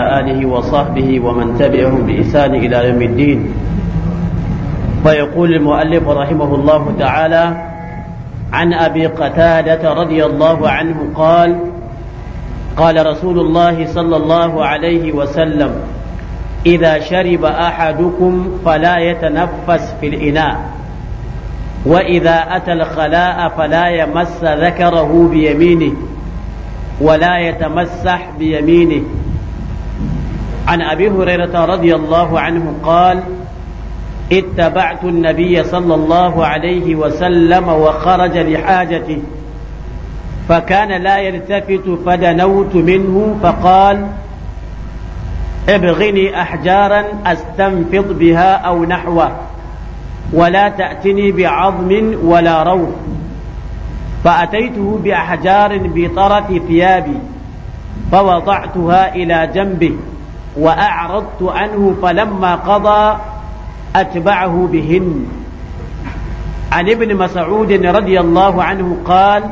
آله وصحبه ومن تبعهم بإحسان إلى يوم الدين فيقول المؤلف رحمه الله تعالى عن أبي قتادة رضي الله عنه قال قال رسول الله صلى الله عليه وسلم إذا شرب أحدكم فلا يتنفس في الإناء وإذا أتى الخلاء فلا يمس ذكره بيمينه ولا يتمسح بيمينه عن أبي هريرة رضي الله عنه قال اتبعت النبي صلى الله عليه وسلم وخرج لحاجته فكان لا يلتفت فدنوت منه فقال ابغني أحجارا أستنفض بها أو نحوه ولا تأتني بعظم ولا روح فأتيته بأحجار بطرف ثيابي فوضعتها إلى جنبه وأعرضت عنه فلما قضى أتبعه بهن عن ابن مسعود رضي الله عنه قال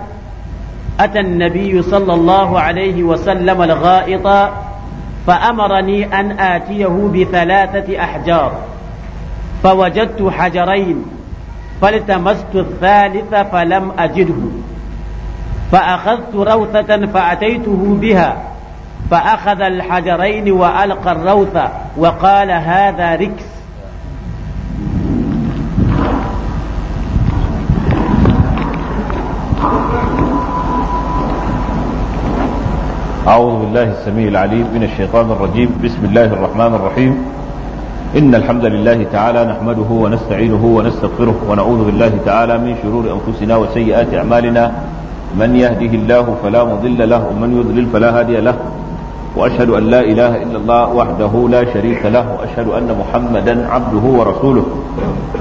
أتى النبي صلى الله عليه وسلم الغائط فأمرني أن آتيه بثلاثة أحجار فوجدت حجرين فالتمست الثالث فلم أجده فأخذت روثة فأتيته بها فأخذ الحجرين وألقى الروث وقال هذا ركس أعوذ بالله السميع العليم من الشيطان الرجيم بسم الله الرحمن الرحيم إن الحمد لله تعالى نحمده ونستعينه ونستغفره ونعوذ بالله تعالى من شرور أنفسنا وسيئات أعمالنا من يهده الله فلا مضل له ومن يضلل فلا هادي له وأشهد أن لا إله إلا الله وحده لا شريك له وأشهد أن محمدا عبده ورسوله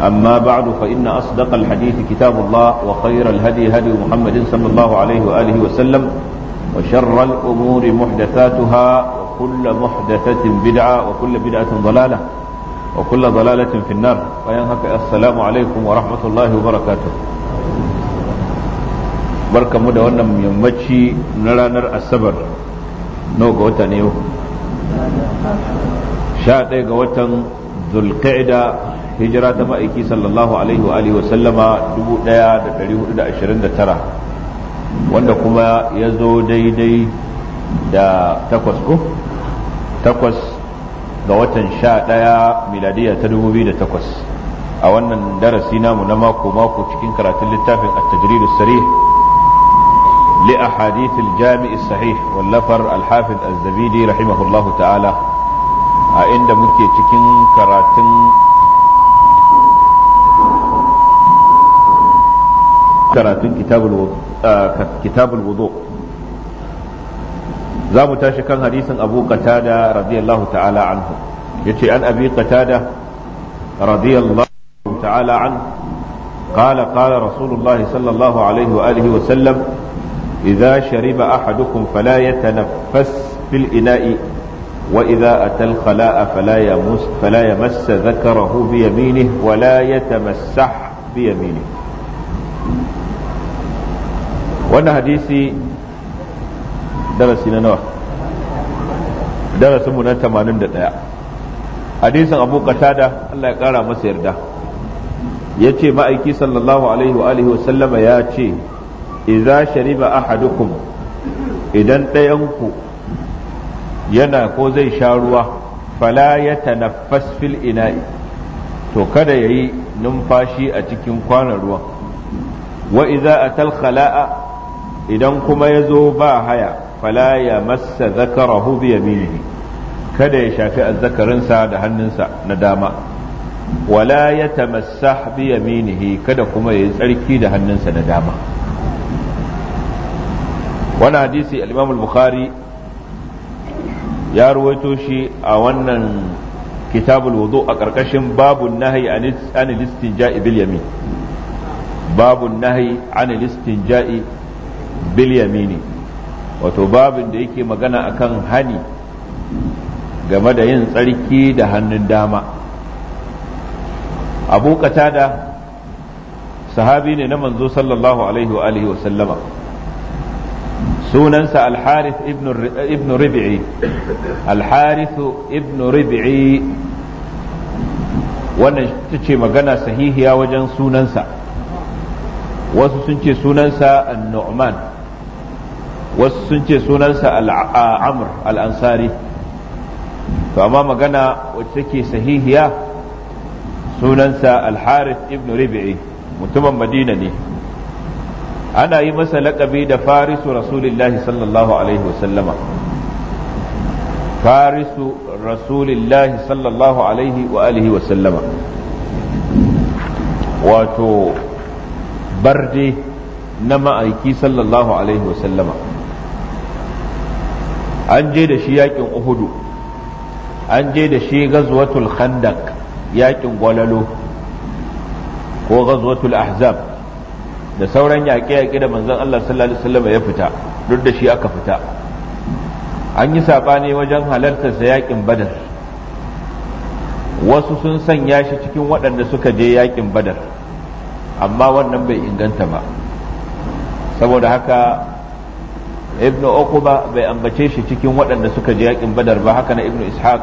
أما بعد فإن أصدق الحديث كتاب الله وخير الهدي هدي محمد صلى الله عليه وآله وسلم وشر الأمور محدثاتها وكل محدثة بدعة وكل بدعة ضلالة وكل ضلالة في النار وينهك السلام عليكم ورحمة الله وبركاته بركة مدى ونم يمتشي نرى نرى السبر nawa ga wata ne yau sha ɗaya ga watan zulqa'ida hijira ta ma'aiki sallallahu alaihi wa alihi wa sallama 1429 wanda kuma ya zo daidai da takwas ko takwas ga watan sha ɗaya miladiya ta 2008 a wannan darasi namu na mako mako cikin karatun littafin a tajrid as لأحاديث الجامع الصحيح واللفر الحافظ الزبيدي رحمه الله تعالى عند مكي تكين كراتن كراتن كتاب الوضوء كتاب الوضوء زام تاشي كان حديث أبو قتادة رضي الله تعالى عنه يتي أن أبي قتادة رضي الله تعالى عنه قال قال رسول الله صلى الله عليه وآله وسلم إذا شرب أحدكم فلا يتنفس في الإناء وإذا أتى الخلاء فلا يمس فلا يمس ذكره بيمينه ولا يتمسح بيمينه. وأنا حديثي درس نوح درس من 81 hadisin abu qatada Allah ya kara masa yarda ya ce ma'aiki sallallahu alaihi wa alihi wa sallama ya ce iza shariba ahadukum idan ɗayanku yana ko zai sha ruwa fala ya tanaffas fil ina'i to kada ya numfashi a cikin kwanan ruwa, wa iza atal khala'a idan kuma ya zo ba haya fala ya massa zakarahu bi yaminihi kada ya shafi azzakarinsa da hannunsa na dama wala ya tamassah bi yaminihi kada kuma ya yi tsarki da hannunsa na dama wani hadisi al-imam al-bukhari ya ruwaito shi a wannan kitabul wudu a ƙarƙashin babun nahi an istinja'i bil yamin babun nahi an istinja'i bil yamini wato babin da yake magana akan hani game da yin tsarki da hannun dama abu da sahabi ne na manzo sallallahu alaihi wa alihi wa sallama sunansa al-harith ibn wannan ta ce magana sahihiya wajen sunansa wasu sun ce sunansa al-nu'man wasu sun ce sunansa al-amr al-ansari to amma magana wacce take sahihiya sunansa al-harith mutumin madina ne ana yi masa laƙabi da farisu rasulillahi sallallahu alaihi wasallama farisu rasulillahi sallallahu alaihi wa alihi wasallama wato barde na ma'aiki sallallahu alaihi wasallama an je da shi yakin uhudu an je da shi gazwatul khandak yakin gwalalo ko gazwatul ahzab da sauran yaƙe-yaƙe da manzon Allah sallallahu alaihi wasallam ya fita duk da shi aka fita an yi saɓani wajen halartar sa yaƙin badar wasu sun sanya shi cikin waɗanda suka je yaƙin badar amma wannan bai inganta ba saboda haka ibnu bai ambace shi cikin waɗanda suka je yaƙin badar ba haka na ibnu ishaq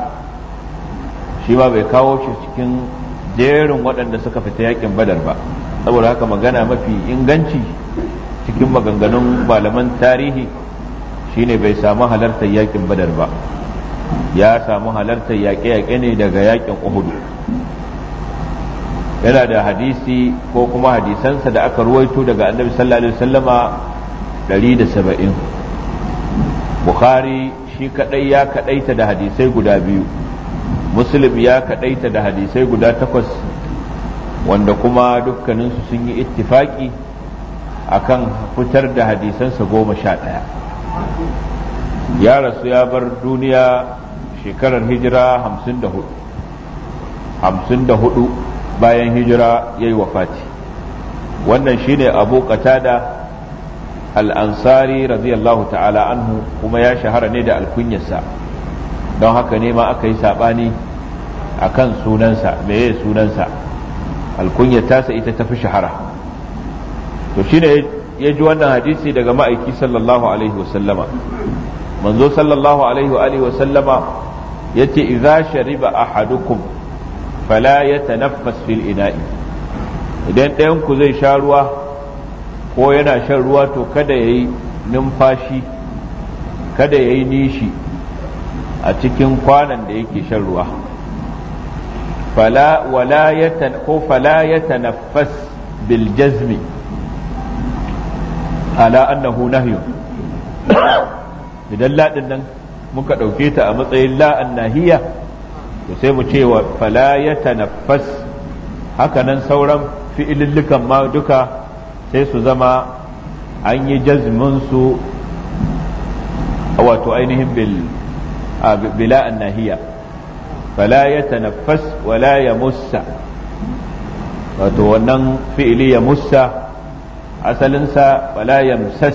shi ma bai kawo shi cikin jerin waɗanda suka fita yaƙin badar ba saboda haka magana mafi inganci cikin maganganun malaman tarihi shine bai samu halartar yakin badar ba ya samu halartar yaƙe-yaƙe ne daga yakin uhudu yana da hadisi ko kuma hadisansa da aka ruwaito daga annabi sallallahu alaihi wasallama 170 bukhari shi kadai ya kadaita da hadisai guda biyu muslim ya kadaita da hadisai guda takwas wanda kuma dukkaninsu sun yi ittifaki akan fitar da hadisansa goma sha ɗaya ya rasu ya bar duniya shekarar hijira hamsin da hudu hamsin da hudu bayan hijira ya yi wafati wannan shine abu qatada al'ansari raziyallahu ta'ala anhu kuma ya shahara ne da alkunyarsa don haka ne ma aka yi saɓani a kan sunansa meye sunansa alkunyar tasa ita tafi shahara to shine ya ji wannan hadisi daga ma'aiki sallallahu alaihi wasallama manzo sallallahu alaihi wa ya ce, yace idza shariba ahadukum fala yatanaffas fil ina'i idan ɗayan ku zai sha ruwa ko yana shan ruwa to kada yayi numfashi kada yayi nishi a cikin kwanan da yake shan ruwa fala wala ko fala yatanaffas bil jazmi ala annahu idan laɗin nan muka ɗauke ta a matsayin la'an nahiya to sai mu ce wa fala yatanaffas haka hakanan sauran fi'ilillukan ma duka sai su zama an yi jazmin su wato ainihin bil bila'an nahiya fala ya tanaffas wala ya musa wato wannan fi'ili ya mussa asalinsa wala ya musas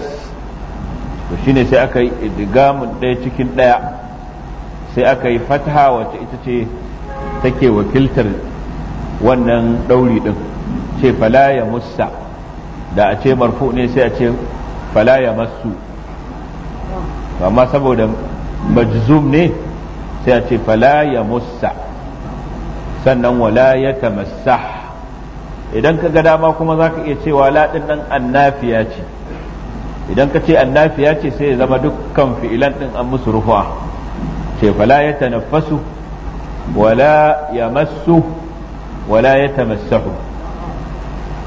to shine sai aka yi idgamun ɗaya cikin ɗaya sai aka yi fatha wacce ita ce take wakiltar wannan ɗauri ɗin ce fala ya musa da a ce marfu ne sai a ce fala ya masu amma saboda majzum ne sai a ce fala ya musa sannan wala ya tamassa idan ka ga dama kuma za ka iya cewa laɗin nan annafiya ce idan ka ce annafiya ce sai ya zama dukkan fi'ilan ɗin an musu rufa ce fala ya tanaffasu wala ya masu wala ya tamassahu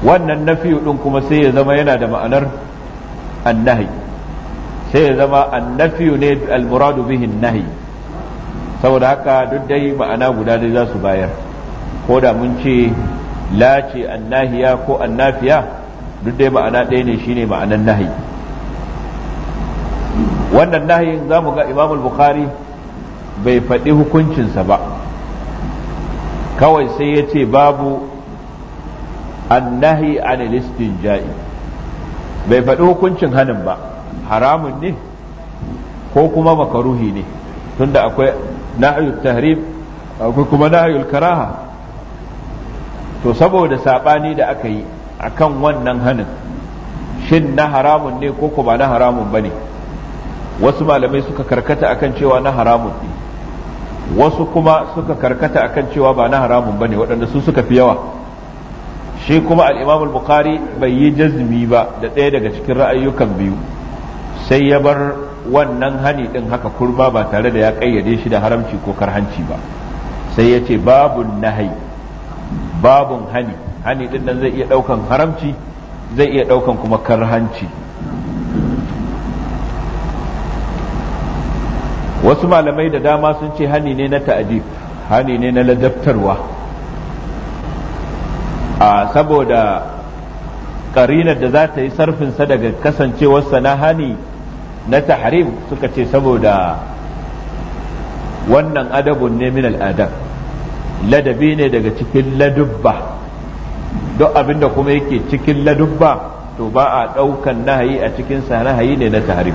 wannan nafiyu ɗin kuma sai ya zama yana da ma'anar annahi sai ya zama annafiyu ne al-muradu bihin nahi saboda haka duk dai ma'ana guda dai za su bayar ko da mun ce lace an annahiya ko annafiya duk dai ma'ana ɗaya ne shine ma'anan nahi wannan nahi za mu ga imam bukhari bai faɗi hukuncinsa ba kawai sai ya ce babu annahi an listin ja'i bai faɗi hukuncin hanin ba haramun ne ko kuma makaruhi ne tunda akwai nahayul tahrim akwai kuma nahayul karaha to saboda sabani da aka yi akan wannan hanin shin na haramun ne ko kuma na haramun bane wasu malamai suka karkata akan cewa na haramun ne wasu kuma suka karkata akan cewa ba na haramun bane waɗanda su suka fi yawa shi kuma al-Imam al-Bukhari bai yi jazmi ba da ɗaya daga cikin ra'ayyukan biyu sai ya bar wannan hani ɗin haka kurba ba tare da ya kayyade shi da haramci ko karhanci ba sai ya ce babun nahai babun hani hani din nan zai iya daukan haramci zai iya daukan kuma karhanci wasu malamai da dama sun ce hani ne na ta'adib hani ne na ladabtarwa a saboda ƙarinar da za ta yi sarfinsa daga kasancewarsa na hani na tahrim suka ce saboda wannan adabun ne min al'adab ladabi ne daga cikin ladubba duk abinda kuma yake cikin ladubba to ba a ɗaukan nahayi a cikin sa nahayi ne na tahrim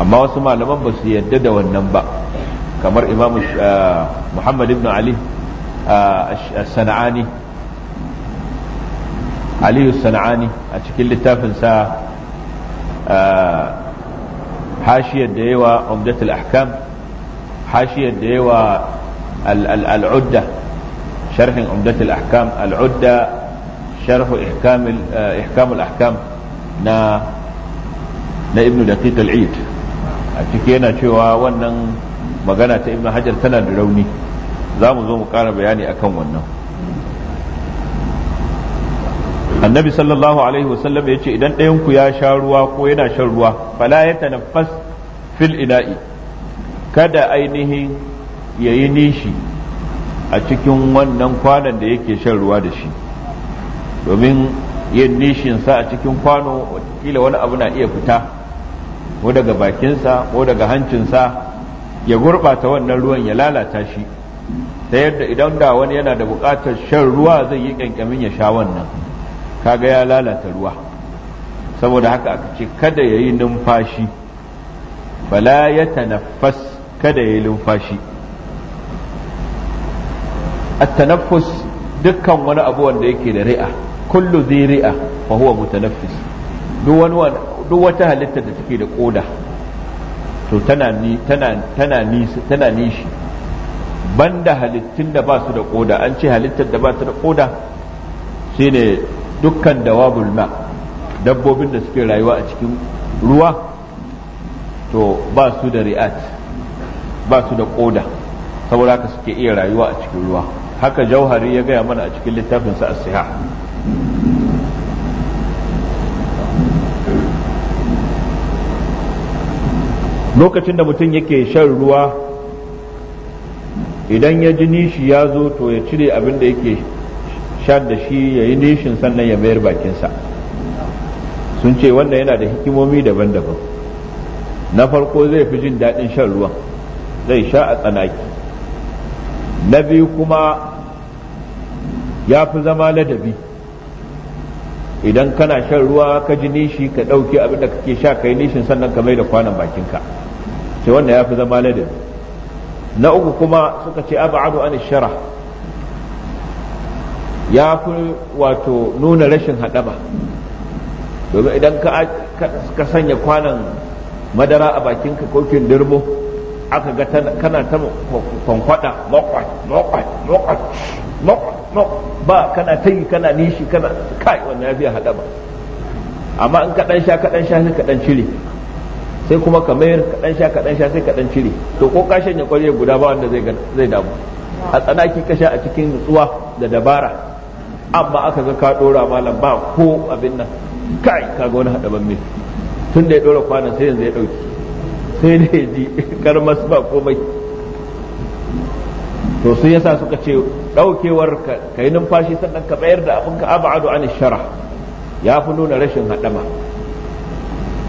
amma wasu malaman ba su yadda da wannan ba kamar imam ah, muhammad ibn ali ah, sana'ani aliyu sana'ani a cikin littafinsa حاشيه da yawa الاحكام ahkam ديوا العده شرح al'udda sharhin العده ahkam احكام sharhu الاحكام ahkam na na ibnu daqiq al-eid a ciki yana cewa wannan magana ta ibnu hajar tana da rauni za mu zo mu ƙara bayani akan wannan annabi sallallahu alaihi wasallam ya ce idan ɗayan ku ya sha ruwa ko yana shan ruwa fala ya tanaffas fil ina'i kada ainihin ya yi nishi a cikin wannan kwanon da yake shan ruwa da shi domin yin nishinsa a cikin kwano watakila wani abu na iya fita ko daga bakinsa ko daga hancinsa ya gurɓata wannan ruwan ya lalata shi ta yadda idan da wani yana da buƙatar shan ruwa zai yi ƙyanƙyamin ya sha wannan kaga ya lalata ruwa saboda haka aka ce kada ya yi numfashi bala ya tanaffas kada ya yi numfashi at-tanaffus dukkan wani abu wanda yake da ri'a kullu zai ri'a fa huwa mutanaffis duk wata halitta da take da koda to tana ni tana tana ni tana nishi banda halittun da ba su da koda an ce halittar da ba ta da koda shine dukkan dawabul ma dabbobin da suke rayuwa a cikin ruwa to ba su da ri'at ba su da koda saboda haka suke iya rayuwa a cikin ruwa haka jauhari ya gaya mana a cikin littafinsa a siha lokacin da mutum yake shan ruwa idan ya ji nishi ya zo to ya cire abin da yake shad da shi ya yi nishin sannan ya mayar bakinsa sun ce wannan yana da hikimomi daban-daban na farko zai fi jin daɗin shan ruwan zai sha a tsanaki na biyu kuma ya fi zama ladabi idan kana shan ruwa ka ji nishi ka ɗauki abin da kake sha ka yi nishin sannan ka mai da kwanan bakinka sai wannan ya fi zama ladabi na uku kuma suka ce abu an shara ya fi wato nuna rashin haɗaba, domin idan ka sanya kwanan madara a bakinka kokin dirbo aka ga kana ta kwankwada makwai makwai makwai ba kana ta yi kana nishi kana kai wannan ya biya haɗaba. amma in kaɗan sha kaɗan sha sai kaɗan cire sai kuma ka mayar kaɗan sha kaɗan sha sai kaɗan cire to ko ka shanya ƙwarya guda ba wanda zai damu a tsanaki ka sha a cikin nutsuwa da dabara amma aka ga ka dora malam ba ko abin nan kai ga wani hadaban mai tun da ya dora kwanan sai yanzu ya dauki sai ne ya ji karmas ba komai to sun yasa suka ce daukewar ka yi numfashi sannan ka bayar da abin ka abadu an shara ya fi nuna rashin hadama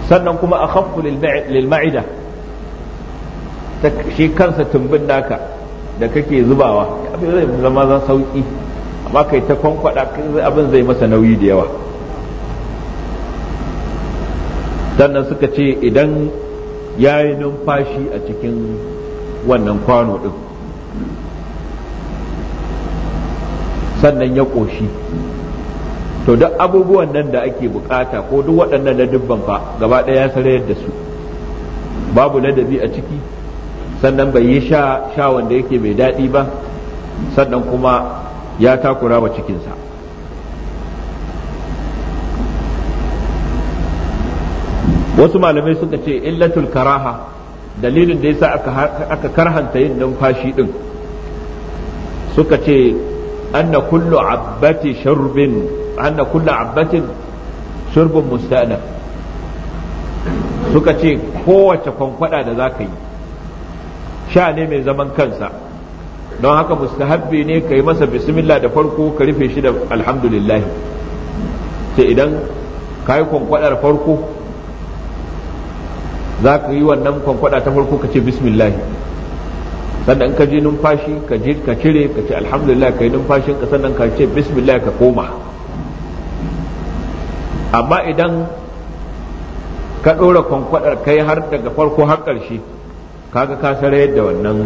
sannan kuma a khaffu lil ma'ida shi kansa tumbin naka da kake zubawa abin zai zama zan sauki amma kai ta kwankwada abin zai masa nauyi da yawa sannan suka ce idan ya yi numfashi a cikin wannan kwano ɗin sannan ya ƙoshi to duk abubuwan nan da ake bukata ko duk waɗannan na dubban fa gaba ɗaya ya sarayar da su babu ladabi a ciki sannan bai yi sha wanda yake mai daɗi ba sannan kuma ya takura wa cikinsa wasu malamai suka ce illatul karaha dalilin da ya sa aka karhanta yin numfashi ɗin suka ce anna kullu abbati sharbin anna kullu abbatin shurbin musta'naf suka ce kowace kwankwada da za ka yi sha ne mai zaman kansa don haka mustahabbi ne ka yi masa bismillah da farko ka rufe shi da alhamdulillah sai idan ka yi kwankwadar farko za ka yi wannan kwankwada ta farko ka ce bismillah sannan in ka ji numfashi ka je ka cire ka ce alhamdulillah ka yi numfashin ka sannan ka ce bismillah ka koma amma idan ka ɗora kwankwadar kai har daga farko har ƙarshe kaga ka sarayar da wannan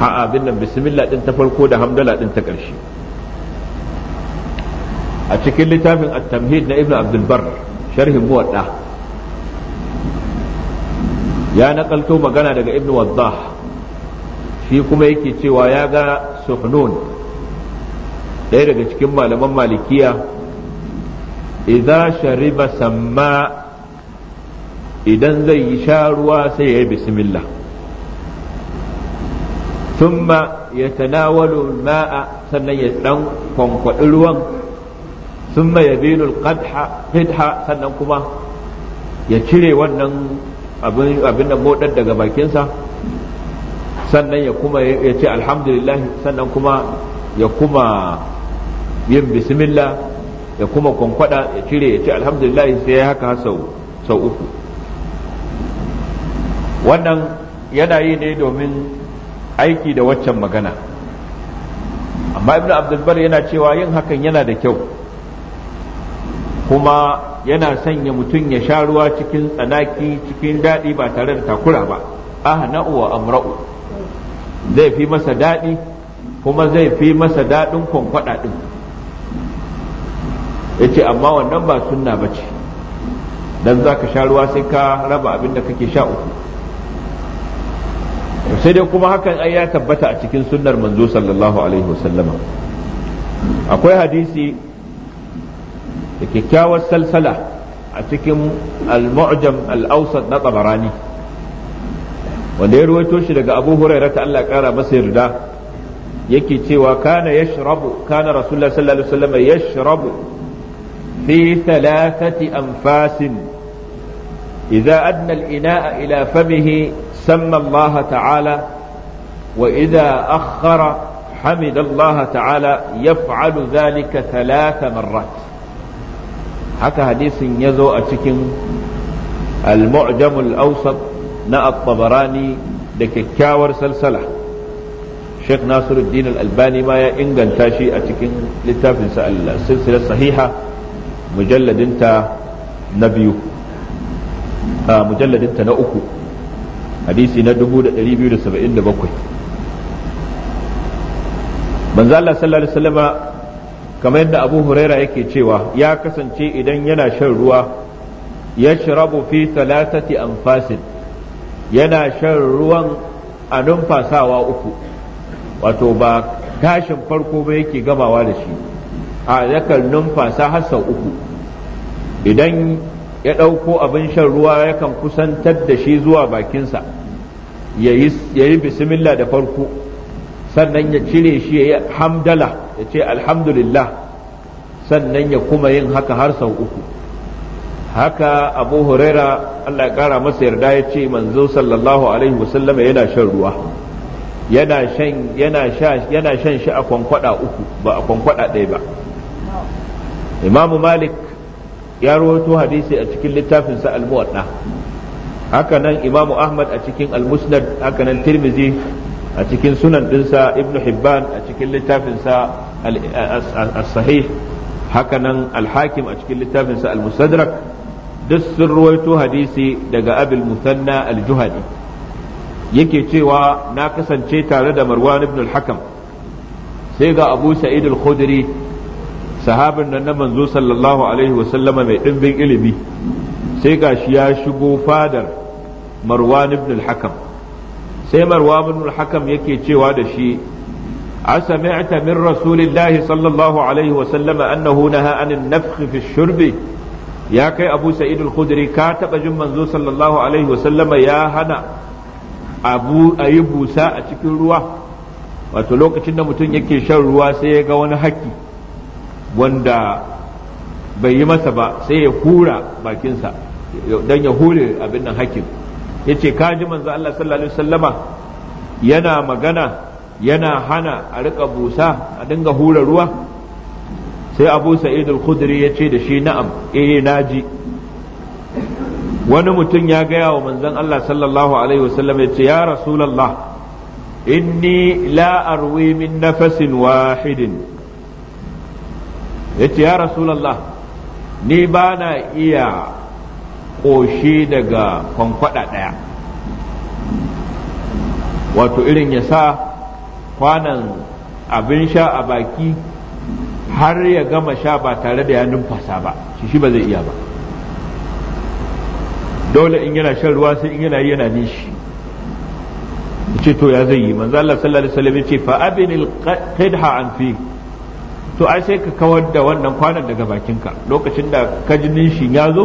a abin nan bismillah din ta farko da hamdala din ta ƙarshe a cikin littafin at-tamhid na ibnu abdul bar sharhin muwadda ya nakalto magana daga ibnu waddah shi kuma yake cewa ya ga suhnun ɗaya daga cikin malaman malikiya idza shariba samma idan zai yi sha ruwa sai ya yi bismillah summa ya tanawalu ma'a sannan ya dan kwankwaɗi ruwan summa ya binu qidha sannan kuma ya cire wannan abin abin da modar daga bakinsa sannan ya kuma ya ce alhamdulillah sannan kuma ya kuma yin bismillah ya kuma kwankwada ya cire ya ce alhamdulillah sai ya haka sau sau uku wannan yana yi ne domin aiki da waccan magana amma ibn abdulbar yana cewa yin hakan yana da kyau kuma yana sanya mutum ya sha ruwa cikin tsanaki cikin daɗi ba tare da takura ba ah wa amra'u zai fi masa daɗi kuma zai fi masa daɗin kwankwaɗa ɗin ya amma wannan ba sunna ba ce don za ka sha ruwa sai ka raba abin da kake sha uku sai dai kuma hakan ai ya tabbata a cikin sunnar manzo sallallahu alaihi wasallama akwai hadisi da kyakkyawar salsala a cikin al-mu'jam al-awsat na tabarani wanda ya ruwaito shi daga abu huraira ta Allah kara masa yarda yake cewa kana yashrabu kana rasulullahi sallallahu alaihi wasallam yashrabu fi thalathati anfasin إذا أدنى الإناء إلى فمه سمى الله تعالى وإذا أخر حمد الله تعالى يفعل ذلك ثلاث مرات حكى حديث يزو أتكن المعجم الأوسط نا الطبراني لككاور سلسلة شيخ ناصر الدين الألباني ما ينقل تاشي أتكن لتافنس السلسلة الصحيحة مجلد انت نبيه mujalladin ta na uku hadisi na 2277 manzo Allah sallallahu alaihi wasallam kamar yadda Abu Huraira yake cewa ya kasance idan yana shan ruwa yashrabu fi talatati anfasin yana shan ruwan a numfasawa uku wato ba tashin farko ba yake gamawa da shi a yakan numfasa har sau uku idan ya ɗauko abin shan ruwa yakan kusantar da shi zuwa bakinsa ya yi bismillah da farko sannan ya cire shi ya yi hamdala ya ce alhamdulillah sannan ya kuma yin haka har sau uku haka abu huraira allah ya kara masa yarda ya ce manzo sallallahu alaihi wasallam yana shan ruwa yana shan shi a kwankwada uku ba a kwankwada ɗaya ba imamu malik ya rawaito hadisi a cikin littafin sa al-muwatta haka imamu ahmad a cikin al-musnad haka tirmizi a cikin sunan dinsa ibnu hibban a cikin littafin sa as-sahih haka al-hakim a cikin littafin sa al-mustadrak duk sun hadisi daga abil musanna al-juhani yake cewa na kasance tare da marwan ibn al-hakam sai ga abu sa'id al-khudri sahabin nan na manzo sallallahu alaihi wasallama mai ɗimbin ilimi sai gashi ya shigo fadar marwan ibn al-hakam sai marwan ibn al-hakam yake cewa da shi asami'ta min rasulillahi sallallahu alaihi wasallama annahu naha anin nafkh fi shurbi ya kai abu sa'id al-khudri ka taba jin manzo sallallahu alaihi wasallama ya hana abu ayi busa a cikin ruwa wato lokacin da mutum yake shan ruwa sai ya ga wani haki wanda bai yi masa ba sai ya hura bakinsa don ya hure abin nan hakim ya ce kaji manzo Allah sallallahu alaihi yana magana yana hana a riƙa busa a dinga hura ruwa sai abu sa'id al-khudri ya ce da shi na'am eh naji wani mutum ya gaya wa manzon Allah sallallahu alaihi wasallam ya ce ya rasulullah inni la arwi min nafasin wahidin yace ya rasulallah ni ba na iya ƙoshi daga kwankwada ɗaya wato irin ya sa kwanan abin sha a baki har ya gama sha ba tare da ya numfasa ba shi shi ba zai iya ba dole in yana shan ruwa sai in yana yi yana nishi ce to ya zai yi manzo Allah sallallahu alaihi wasallam ya ce fa abinil qidha an fi to ai sai ka kawar da wannan kwanan daga bakinka lokacin da ka ji nishin ya zo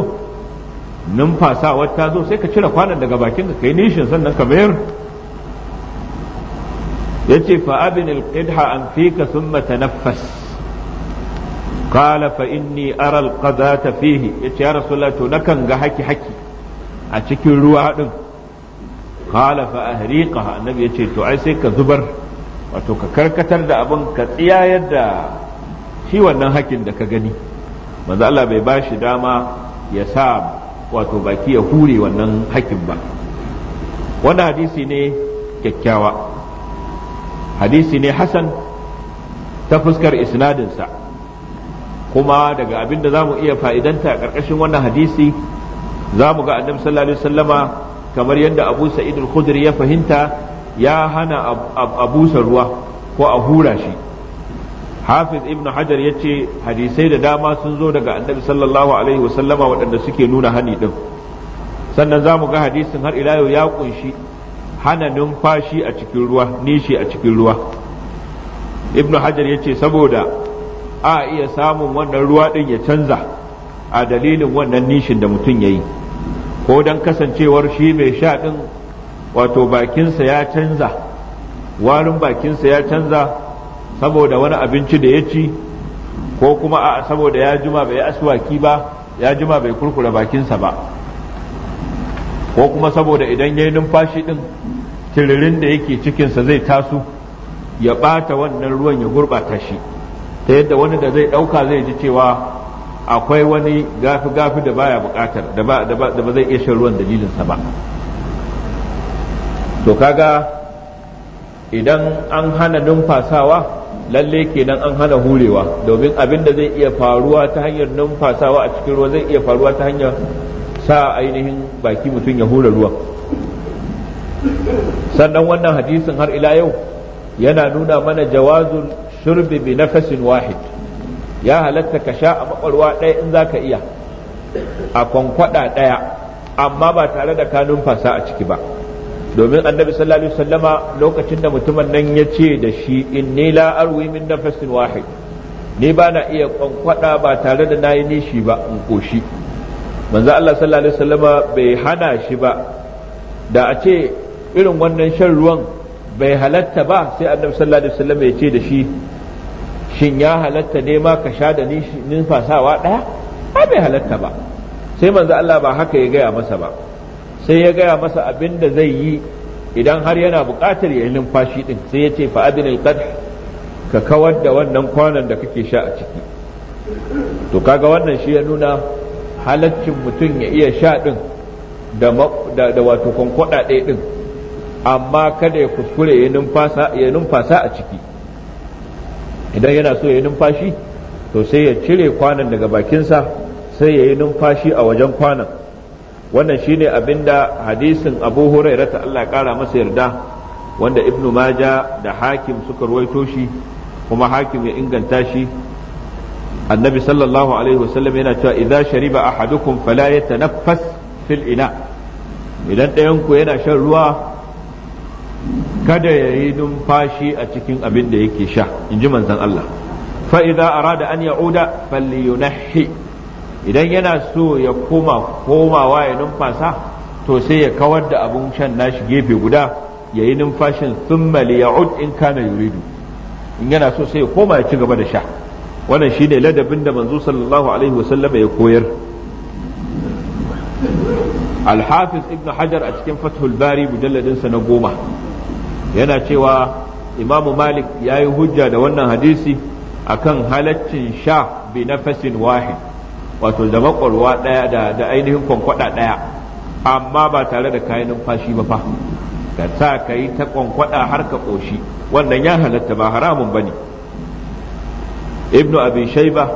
numfasa ta zo sai ka cire kwanan daga bakinka ka yi nishin sannan ka mayar ya ce fa’abin al’idha an fi ka sun matanaffas kala aral kaza ta fihi ya ce ya to na ga haki haki a cikin ruwa ɗin kala fa annabi ya ce to ai sai ka zubar wato ka karkatar da abin ka tsiyayar da shi wannan hakin da ka gani manzo Allah bai bashi dama ya sa wato baki ya hure wannan hakin ba wannan hadisi ne kyakkyawa hadisi ne hasan ta fuskar isnadinsa kuma daga abin da za mu iya fa'idanta a ƙarƙashin wannan hadisi za mu ga annabi sallallahu alaihi wasallama kamar yadda abu sa'id al ya fahimta ya hana abusa ruwa ko a hura shi hafiz ibn hajar ya ce hadisai da dama sun zo daga annabi sallallahu alaihi wasallama waɗanda suke nuna hani ɗin sannan za mu ga hadisin har ila yau ya kunshi hana numfashi a cikin ruwa nishi a cikin ruwa ibn hajar ya ce saboda a iya samun wannan ruwa ɗin ya canza a dalilin wannan nishin da mutum ya yi ko don kasancewar shi mai sha ɗin wato bakinsa ya canza warin bakinsa ya canza saboda wani abinci da ya ci ko kuma a saboda ya juma bai aswaki ba ya juma bai kurkura bakinsa ba ko kuma saboda idan ya yi numfashi ɗin tiririn da yake cikinsa zai taso ya ɓata wannan ruwan ya gurɓata shi ta yadda wani da zai ɗauka zai ji cewa akwai wani gafi-gafi da baya buƙatar da ba zai iya shan ruwan dalilinsa ba to kaga idan an hana numfasawa lalle kenan an hana hurewa domin abin da zai iya faruwa ta hanyar numfasawa a cikin ruwa zai iya faruwa ta hanyar sa ainihin baki mutum ya hura ruwa sannan wannan hadisin har ila yau yana nuna mana jawazun shurbi bi nafasin wahid ya halatta ka sha a makwarwa ɗaya in za ka iya a kwankwada ɗaya amma ba tare da ka numfasa a ciki ba domin annabi sallallahu alaihi wasallama lokacin da mutumin nan ya ce da shi inni la arwi min nafasin wahid ni ba na iya kwankwada ba tare da nayi nishi ba in koshi manzo Allah sallallahu alaihi wasallama bai hana shi ba da a ce irin wannan shan ruwan bai halatta ba sai annabi sallallahu alaihi wasallama ya ce da shi shin ya halatta ne ma ka sha da nishi numfasawa daya ba bai halatta ba sai manzo Allah ba haka ya gaya masa ba sai ya gaya masa abin da zai yi idan har yana buƙatar ya yi numfashi ɗin sai ya ce fa'adin ilkad ka kawar da wannan kwanan da kake sha a ciki to kaga wannan shi ya nuna halaccin mutum ya iya sha ɗin da wato kwankwada ɗaya ɗin amma kada ya kuskure ya numfasa a ciki idan yana so ya yi numfashi to sai ya cire kwanan daga bakinsa sai ya yi numfashi a wajen kwanan wannan shine abinda hadisin abu huraira ta Allah kara masa yarda wanda ibnu maja da hakim suka ruwaito shi kuma hakim ya inganta shi annabi sallallahu alaihi wasallam yana cewa idza shariba ahadukum fala yatanaffas fil ina idan ɗayan ku yana shan ruwa kada ya yi numfashi a cikin abin da yake sha in ji manzon Allah fa idza arada an ya'uda falyunahi idan yana so ya koma komawa ya numfasa to sai ya kawar da abun shan nashi gefe guda ya yi numfashin thumma liya'ud in kana yuridu in yana so sai ya koma ya ci gaba da sha wannan shi ne ladabin da manzo sallallahu alaihi wasallam ya koyar al-hafiz ibn hajar a cikin fathul bari mujalladin sa na goma yana cewa imamu malik yayi hujja da wannan hadisi akan halaccin sha bi nafasin wahid wato da makwarwa ɗaya da da ainihin kwankwada ɗaya amma ba tare da kayan numfashi ba fa ka sa ka yi ta kwankwada har ka ƙoshi wannan ya halatta ba haramun ba ne ibnu Abin shaiba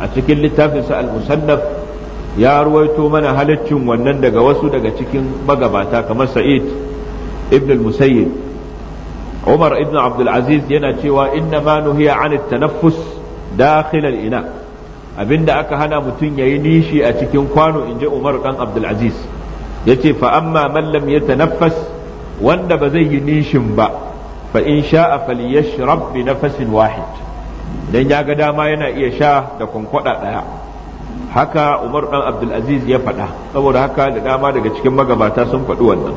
a cikin littafinsa al-musannaf ya ruwaito mana halaccin wannan daga wasu daga cikin magabata kamar sa'id ibn al-musayyib umar ibn abdul aziz yana cewa inna ma nuhiya an at-tanaffus dakhil al-ina abinda aka hana mutum yayi nishi a cikin kwano inji Umar dan Abdul Aziz yace fa amma man lam yatanaffas wanda ba zai yi nishin ba fa in sha'a falyashrab bi nafasin wahid dan ya ga dama yana iya sha da kwankwada daya haka Umar dan Abdul Aziz ya faɗa saboda haka da dama daga cikin magabata sun faɗi wannan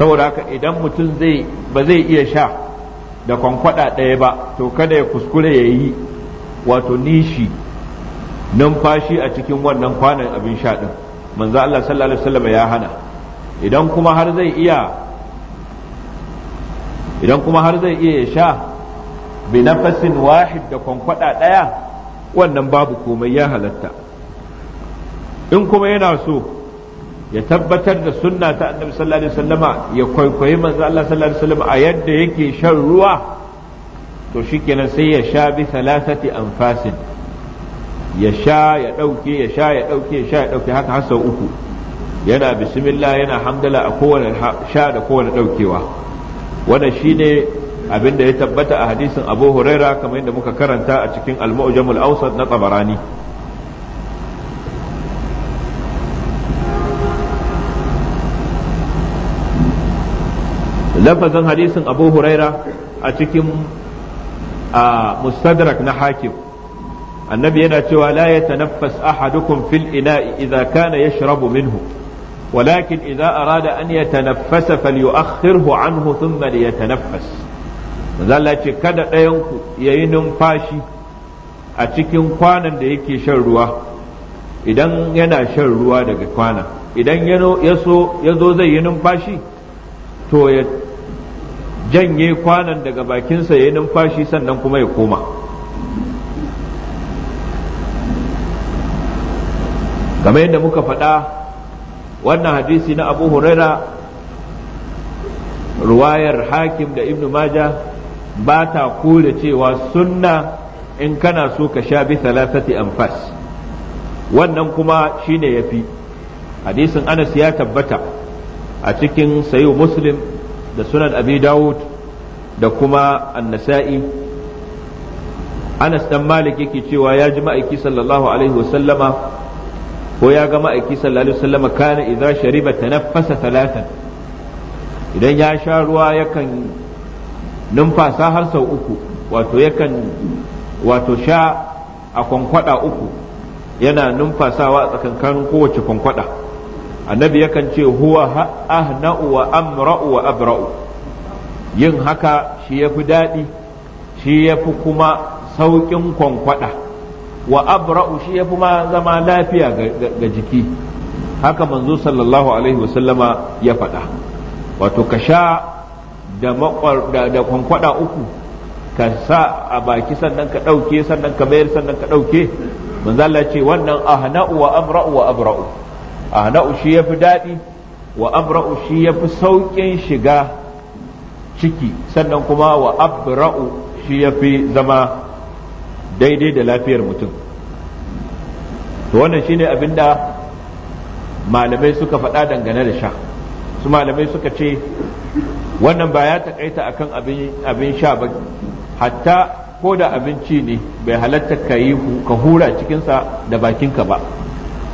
saboda haka idan mutum zai ba zai iya sha da kwankwada ɗaya ba to kada ya kuskure ya yi wato nishi numfashi a cikin wannan kwanan abin sha din manzo Allah sallallahu alaihi wasallam ya hana idan kuma har zai iya idan kuma har zai iya ya sha bi nafasin wahid da kwankwada daya wannan babu komai ya halatta in kuma yana so ya tabbatar da sunna ta annabi sallallahu alaihi wasallama ya kwaikwayi manzo Allah sallallahu alaihi wasallam a yadda yake shan ruwa to shikenan sai ya sha bi thalathati anfasin ya sha ya ɗauke ya sha ya ɗauke ya sha ya ɗauke haka har sau uku yana bismillah yana hamdala a kowane sha da kowane ɗaukewa wannan shine abin da ya tabbata a hadisin abu huraira kamar yadda muka karanta a cikin al-mu'jamul awsat na tsabarani lafazin hadisin abu huraira a cikin mustadrak na hakim annabi yana cewa la yatanaffas ahadukum fil ina'i idza kana yashrabu minhu ولكن إذا أراد أن يتنفس فليؤخره عنه ثم ليتنفس zalla ce kada ɗayanku ya yi numfashi a cikin kwanan da yake shan ruwa idan yana shan ruwa daga kwana idan ya zai yi numfashi to ya janye kwanan daga bakinsa ya yi numfashi sannan kuma ya koma kamar yadda muka faɗa wannan hadisi na abu huraira ruwayar hakim da ibnu maja ba ta kula cewa sunna in kana so ka sha bi thalathati anfas wannan kuma shine yafi hadisin anas ya tabbata a cikin sayu muslim da sunan abi dawud da kuma annasa'i anas dan malik yake cewa ya ji ma'aiki sallallahu alaihi wasallama ko ya ga ma'aiki sallallahu alaihi wasallam kana idza shariba tanaffasa talatan idan ya sha ruwa yakan numfasa har sau uku wato yakan wato sha a kwankwada uku yana numfasawa tsakankanin kowace kwankwada annabi yakan ce huwa ahna'u wa amra'u wa abra'u yin haka shi yafi daɗi shi yafi kuma sauƙin kwankwada wa abra'u shi yafi ma zama lafiya ga jiki haka manzo sallallahu alaihi wasallama ya faɗa wato ka sha da kwankwada uku ka sa a baki sannan ka ɗauke sannan ka mayar sannan ka ɗauke manzo ce wannan ahna'u wa Abra'u wa abra'u ahna'u shi yafi daɗi wa abra'u shi yafi sauƙin shiga ciki sannan kuma wa abra'u shi fi zama daidai da lafiyar mutum to wannan shine abin da malamai suka faɗa dangane da sha su malamai suka ce wannan ba ya takaita akan abin sha ba hatta ko da abinci ne bai halatta ka yi ka hura cikinsa da bakinka ba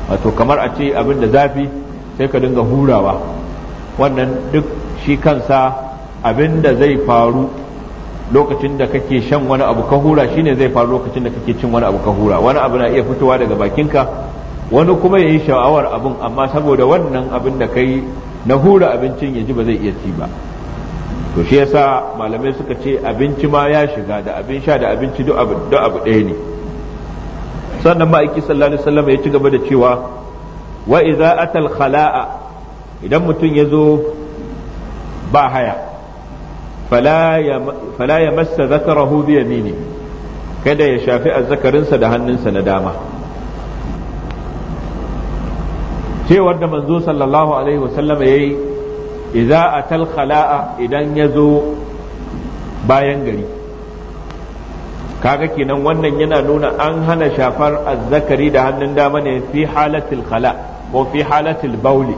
wato kamar a ce abin da zafi sai ka dinga hurawa wannan duk shi kansa abin da zai faru lokacin da kake shan wani abu ka hura shine zai faru lokacin da kake cin wani abu ka hura wani abu na iya fitowa daga bakinka wani kuma ya yi sha'awar abin amma saboda wannan abin da kai na hura abincin ya ji ba zai iya ci ba to shi yasa malamai suka ce abinci ma ya shiga da abin sha da abinci duk abu duk abu ɗaya ne sannan aiki sallallahu alaihi wasallam ya ci gaba da cewa wa idza atal khala'a idan mutum ya zo ba haya fala ya massa zakarahu bi yamini kada ya shafi azzakarinsa da hannunsa na dama cewar da manzo sallallahu alaihi wasallama yayi idza atal khala'a idan ya zo bayan gari Ka ga kenan wannan yana nuna an hana shafar azzakari da hannun dama ne fi halatil khala ko fi halatil bauli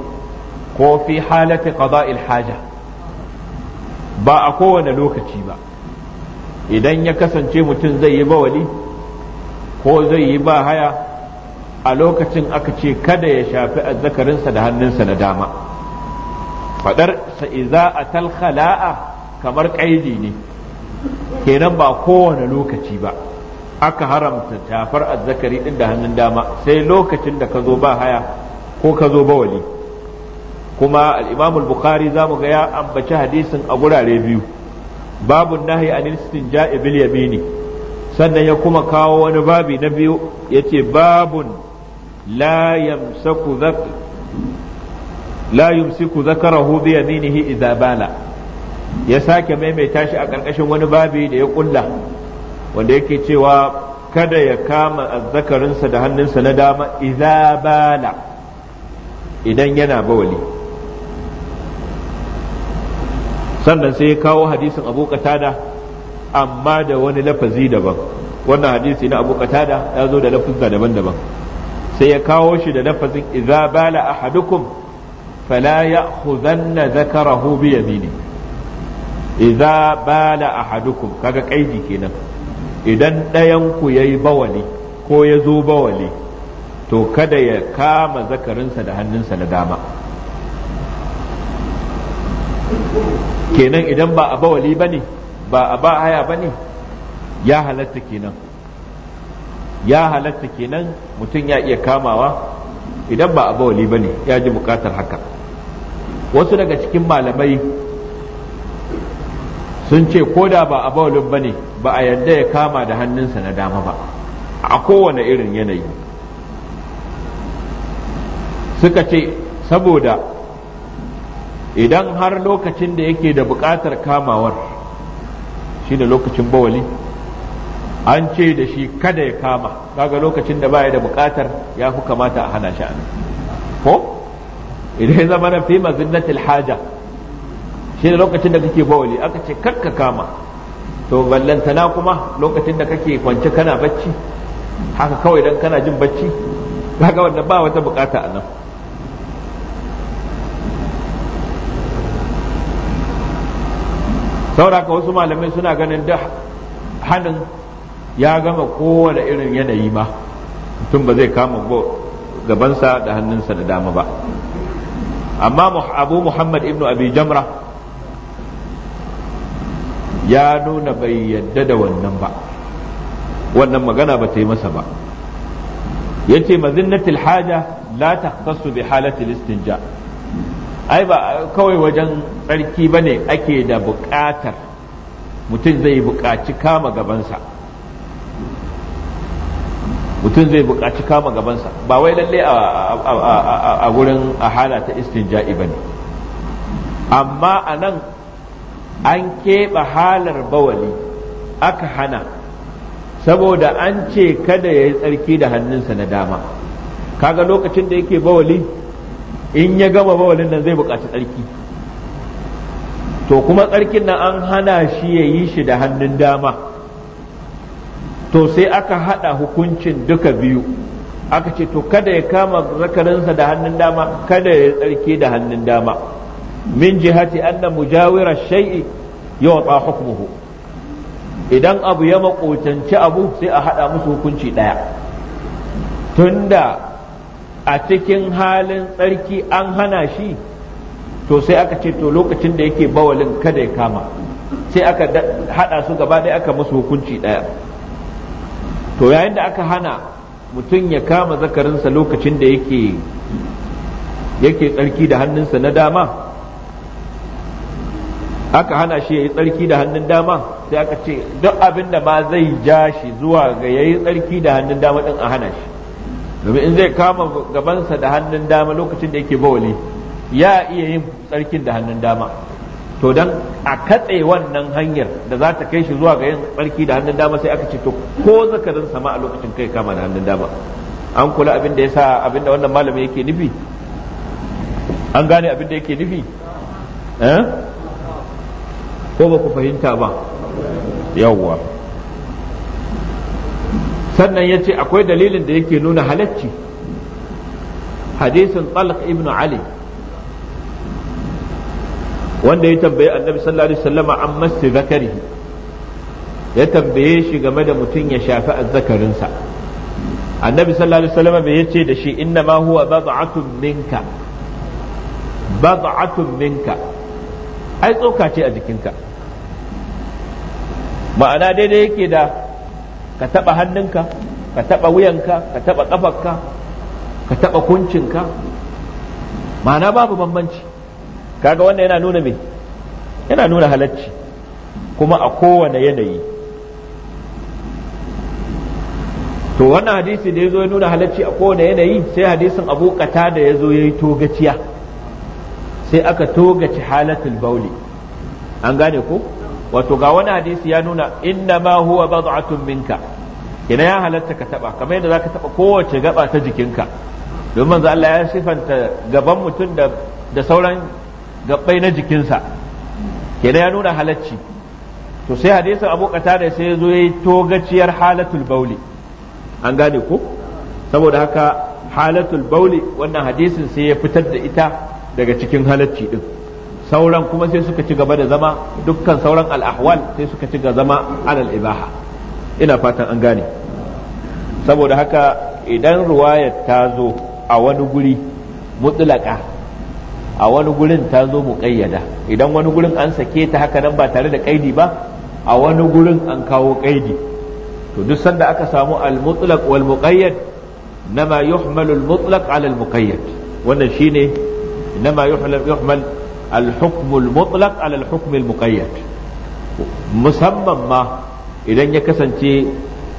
ko fi halati qada'il haja ba a kowane lokaci ba idan ya kasance mutum zai yi bawali ko zai yi ba haya a lokacin aka ce kada ya shafi azzakarinsa da hannunsa na dama fadar sa'iza a talhala'a kamar ƙaidi ne kenan ba kowane lokaci ba aka haramta tafar azzakari ɗin da hannun dama sai lokacin da ka zo ba haya ko ka zo bawali kuma al-Imam al-Bukhari zamu ga ya ambaci hadisin a gurare biyu Babu nahi anil istinja'i bil yamini sannan ya kuma kawo wani babi na biyu yace babun la yamsaku zak la yumsiku zakarahu bi yaminihi idza bala ya sake maimaita shi a ƙarƙashin wani babi da ya kulla wanda yake cewa kada ya kama azzakarinsa da hannunsa na dama idza bala idan yana bawali sannan sai ya kawo hadisin abu qatada amma da wani lafazi daban wannan hadisi na abu qatada ya zo da lafuzza daban-daban sai ya kawo shi da lafazin idza bala ahadukum fala ya'khudanna zakarahu bi yamini idza bala ahadukum kaga kaidi kenan idan ɗayan ku yayi bawali ko ya zo bawali to kada ya kama zakarinsa da hannunsa na dama kenan idan ba a bawali ba ne ba a ba haya ba ne ya halatta kenan ya halatta kenan mutum ya iya kamawa idan ba a bawali ba ne ya ji bukatar haka wasu daga cikin malamai sun ce ko da ba a bawalin ba ne ba a yadda ya kama da hannunsa na dama ba a kowane irin yanayi suka ce saboda idan har lokacin da yake da buƙatar kamawar shi da lokacin bawali an ce da shi kada ya kama kaga lokacin da baya da buƙatar ya fi kamata a hana shi a ko idan ya zama na fi mazinnatil haja shi da lokacin da kake bawali aka ce karka kama to ballantana kuma lokacin da kake kwance kana bacci haka kawai idan kana jin bacci kaga wannan ba wata buƙata a nan saboda wasu malamai suna ganin da hannun ya gama kowane irin yanayi ma mutum ba zai kama gabansa da hannunsa da dama ba amma abu muhammad ibnu abi jamra ya nuna bai yadda da wannan ba wannan magana ba ta yi masa ba yace mazinnatul haja la takhtassu bi halatil istinja' ai ba kawai wajen tsarki ba ne ake da buƙatar mutum zai buƙaci kama gabansa mutum zai buƙaci kama gabansa ba wai lalle a wurin a hala ta istinja'i ba ne amma a nan an keɓe halar bawali aka hana saboda an ce kada ya yi tsarki da hannunsa na dama kaga lokacin da yake bawali in ya gama bawalin nan zai buƙaci tsarki to kuma tsarkin nan an hana shi ya yi shi da hannun dama to sai aka haɗa hukuncin duka biyu aka ce to kada ya kama zakarinsa da hannun dama kada ya tsarki da hannun dama min jihati anna mujawira shay'i yawta hukmuhu idan abu ya makotanci abu sai a haɗa musu hukunci ɗaya tunda a cikin halin tsarki an hana shi to sai aka ce to lokacin da yake bawalin kada ya kama sai aka hada su gaba ɗaya aka musu hukunci ɗaya to yayin da aka hana mutum ya kama zakarinsa lokacin da yake yake tsarki da hannunsa na dama aka hana shi ya yi tsarki da hannun dama sai aka ce duk abin da ma zai ja shi zuwa ga ya yi tsarki da hannun dama ɗin a hana shi domin in zai kama gabansa da hannun dama lokacin da yake bawali ya iya yin tsarkin da hannun dama to dan a katse wannan hanyar da za ta kai shi zuwa ga yin tsarki da hannun dama sai aka ce to ko zakarin sama a lokacin kai kama da hannun dama an kula abin da yasa abin da wannan malami yake nufi an gane abin da yake nufi eh ko ba ku fahimta ba yawwa sannan ya ce akwai dalilin da yake nuna halacci hadisin talq ibn ali wanda ya tambayi annabi sallallahu alaihi wasallama an masti zakari ya tambaye shi game da mutum ya shafi azzakarinsa annabi sallallahu alaihi wasallama bai yace da shi inna ma huwa bad'atun minka bad'atun minka ai tsoka ce a jikinka ma'ana daidai yake da ka taɓa hannunka ka taɓa wuyanka ka taɓa ƙafarka ka taɓa kuncinka ma'ana babu bambanci kaga wannan yana nuna me yana nuna halacci kuma a kowane yanayi to wannan hadisi da ya zo ya nuna halacci a kowane yanayi sai hadisin abu kata da ya zo ya yi togaciya sai aka togaci halatul bauli an gane ko wato ga wani hadisi ya nuna inna ma huwa bad'atun minka kina ya halatta ka taba kamar yadda zaka taba kowace gaba ta jikinka domin manzo Allah ya sifanta gaban mutum da da sauran gabbai na jikinsa kina ya nuna halacci to sai hadisin Abu Qatada sai ya zo yayi togaciyar halatul bauli an gane ko saboda haka halatul bauli wannan hadisin sai ya fitar da ita daga cikin halacci din sauran kuma sai suka ci gaba da zama dukkan sauran al'ahwal sai suka ci gaba zama alal ibaha ina fatan an gane saboda haka idan ruwayar ta zo a wani guri mutlaka a wani gurin ta zo muƙayyada idan wani gurin an sake ta haka nan ba tare da kaidi ba a wani gurin an kawo kaidi to duk sanda aka samu al-mutlaq wal muqayyad nama yuhmalu al-mutlaq ala al-muqayyad wannan shine nama yuhmal al-hukmul mutlaq ala al-hukmul musamman ma idan ya kasance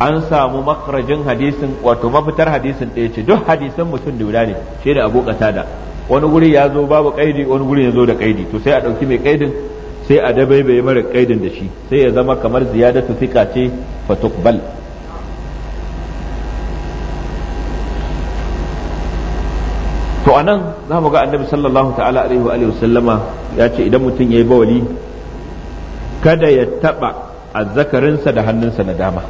an samu makarajin hadisin wato mafitar hadisin ɗaya ce duk hadisan mutum da guda ne shi da abu da wani guri ya zo babu kaidi wani guri ya zo da kaidi to sai a ɗauki mai kaidin sai a dabaibaye mara kaidin da shi sai ya zama kamar ziyadatu fika ce fatukbal a nan za mu ga annabi sallallahu ta'ala alaihi wa sallama ya ce idan mutum ya yi bawali kada ya taɓa azzakarinsa da hannunsa na dama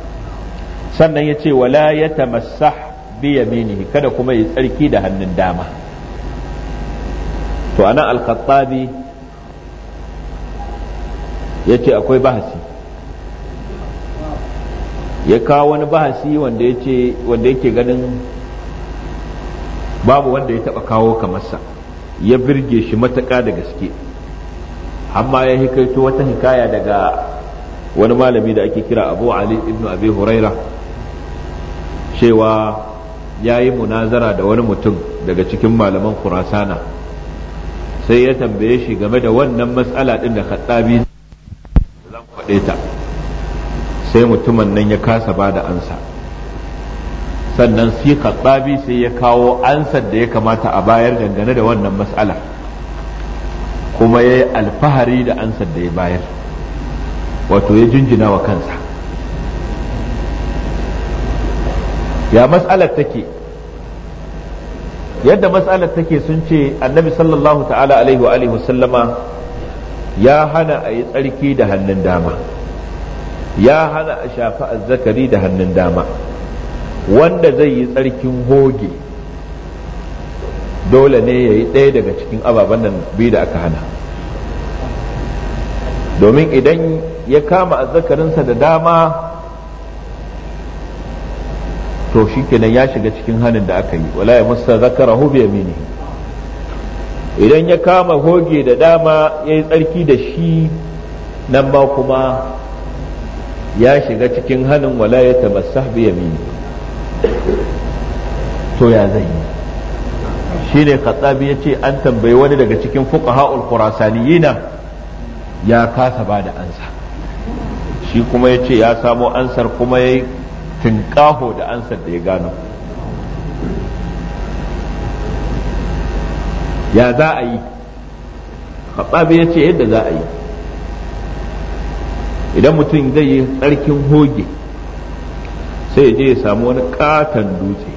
sannan ya ce wala ya tamassah bi yaminihi kada kuma ya tsarki da hannun dama to anan al-khattabi ya ce akwai bahasi ya kawo wani bahasi wanda yake ganin babu wanda ya taba kawo kamarsa ya birge shi matuka da gaske amma ya hikaito wata hikaya daga wani malami da ake kira abu ali ibn abi huraira cewa ya yi munazara da wani mutum daga cikin malaman kurasana sai ya tambaye shi game da wannan matsala din da khattabi zan faɗe ta sai mutumin nan ya kasa ba da ansa sannan si khattabi sai ya kawo ansar da ya kamata a bayar dangane da wannan mas'ala kuma ya yi alfahari da ansar da ya bayar wato ya jinjina wa kansa ya mas'alar take yadda mas'alar take sun ce annabi sallallahu ta'ala alaihi wa alihi ya hana a yi tsarki da hannun dama ya hana a shafi azzakari da hannun dama wanda zai yi tsarkin hoge dole ne ya yi ɗaya daga cikin ababen nan biyu da aka hana domin idan ya kama azzakarinsa da dama to shi kenan ya shiga cikin hannun da aka yi wala ya musa zakara hobe mini idan ya kama hoge da dama ya yi tsarki da shi nan ba kuma ya shiga cikin hannun wala ya tamassa biya mini to ya zai yi shi ne katsabi ya ce an tambayi wani daga cikin fuqaha'ul khurasaniyina ya kasa ba da ansa shi kuma ya ce ya samo ansar kuma ya yi tinkaho da ansar da ya gano ya za a yi katsabi ya ce yadda za a yi idan mutum zai yi tsarkin hoge sai ya je ya samu wani katon dutse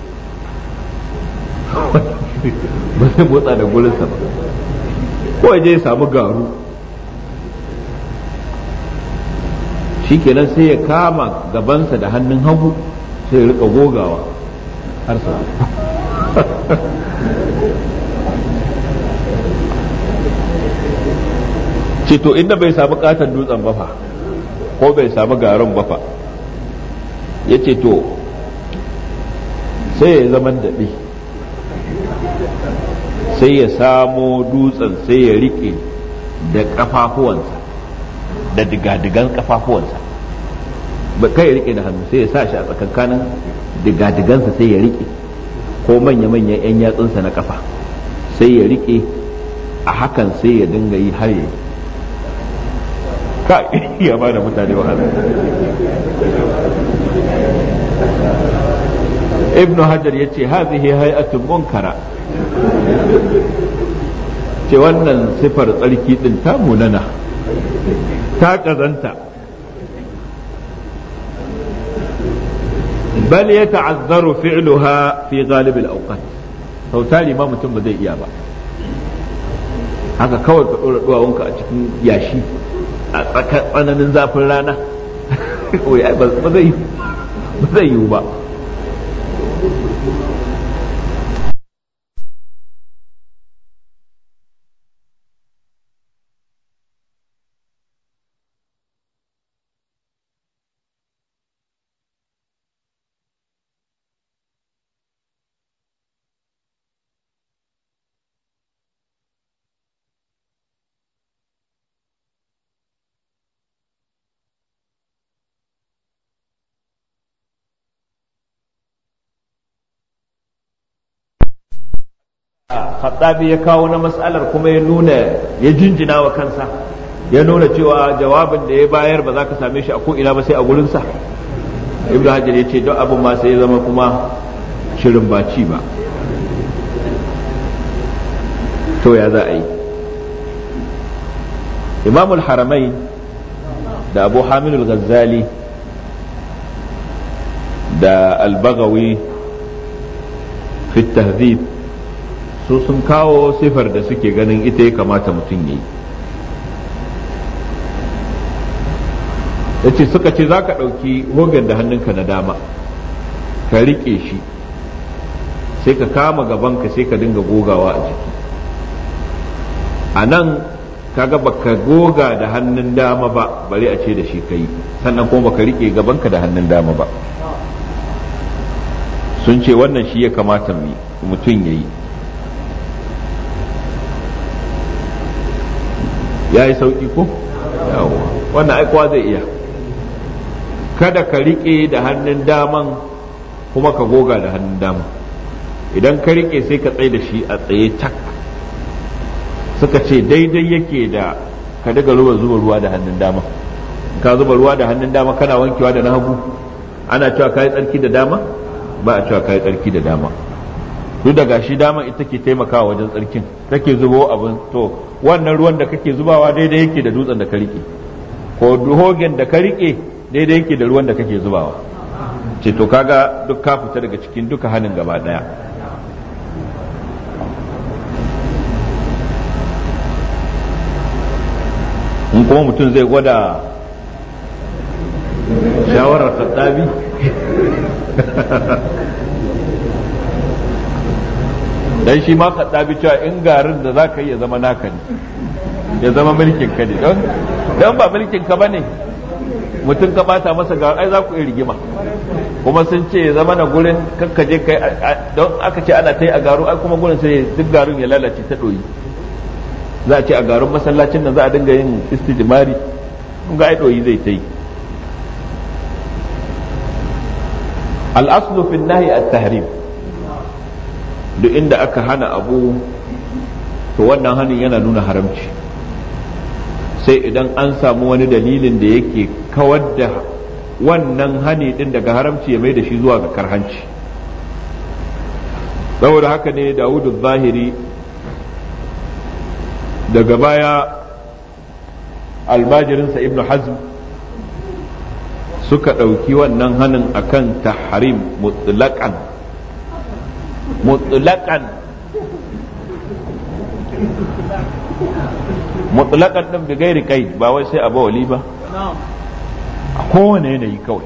ba zai motsa da gurinsa ba ko ya je ya samu garu shikenan sai ya kama gabansa da hannun hagu sai ya rika gogawa har ce to inda bai samu katon dutsen bafa, ko bai samu garin bafa. ya ce to sai ya zaman daɓe sai ya samo dutsen sai ya riƙe da ƙafafuwansa da digadigan ƙafafuwansa ba kai ya riƙe da hannu sai ya sa shi a tsakankanin digadigansa sai ya riƙe ko manya-manyan 'yan yatsunsa na ƙafa sai ya riƙe a hakan sai ya dinga yi har yi ka iya ba da mutane wahala ibn hajar ya ce hazihi hay'atun munkara ce wannan sifar tsarki din ta munana ta kazanta bal ya ta'azzaru fi'luha fi ghalibin auqat sautari ma mutum ba zai iya ba haka kawai ka ɗora duwawunka a cikin yashi a tsakanin zafin rana ba zai ba zai yiwu ba khattabi ya kawo na matsalar kuma ya nuna ya jinjina wa kansa ya nuna cewa jawabin da ya bayar ba za ka same shi a ko'ina ba sai a gurinsa ibn hajar ya ce don abin ma sai ya zama kuma shirin baci ba to ya za a yi imamul haramai da abu hamidul ghazali da albagawi fi tahdhib su sun kawo sifar da suke ganin ita ya kamata mutum ya yi yace suka ce za ka ɗauki hogan da hannunka na dama ka riƙe shi sai ka kama gabanka sai ka dinga gogawa a jiki a nan kaga baka goga da hannun dama ba bari a ce da shi kai sannan kuma ka riƙe gabanka da hannun dama ba sun ce wannan shi ya kamata mutum ya yi ya yi sauki ko wannan aikowa zai iya kada ka riƙe da hannun daman kuma ka goga da hannun daman idan ka riƙe sai ka tsaye da shi a tsaye tak suka ce daidai yake da ka daga ruwa zuba ruwa da hannun dama ka zuba ruwa da hannun dama kana wankewa da na hagu ana cewa ka yi tsarki da dama ba a cewa ka yi tsarki da dama duk da gashi dama ita ke taimakawa wajen tsarkin take zubo abin to wannan ruwan da kake zubawa daidai yake da dutsen da ka rike ko hogen da ka rike daidai yake da ruwan da kake zubawa ce to kaga duk ka fita daga cikin duka hannun gaba daya in kuma mutum zai gwada shawarar tattabi dan shi ma kaddabi cewa in garin da zaka yi ya zama naka ne ya zama mulkin ka ne don dan ba mulkin ka bane mutum ka bata masa garin ai za ku yi rigima kuma sun ce ya zama na gurin kakkaje kai don aka ce ana ta yi a garu ai kuma gurin sai duk garin ya lalace ta doyi za a ce a garin masallacin nan za a dinga yin istijmari ga ai doyi zai ta yi al-aslu fi nahi at-tahrim duk inda aka hana abu to wannan hanin yana nuna haramci sai idan an samu wani dalilin da yake kawar da wannan hani din daga haramci ya mai da shi zuwa ga karhanci saboda haka ne dawudu zahiri daga baya almajirinsa ibn hazm suka ɗauki wannan hanin akan tahrim mutlaqan mutlaqan mutlaqan din bi gairi kai ba wai sai a bawali ba a kowane yanayi kawai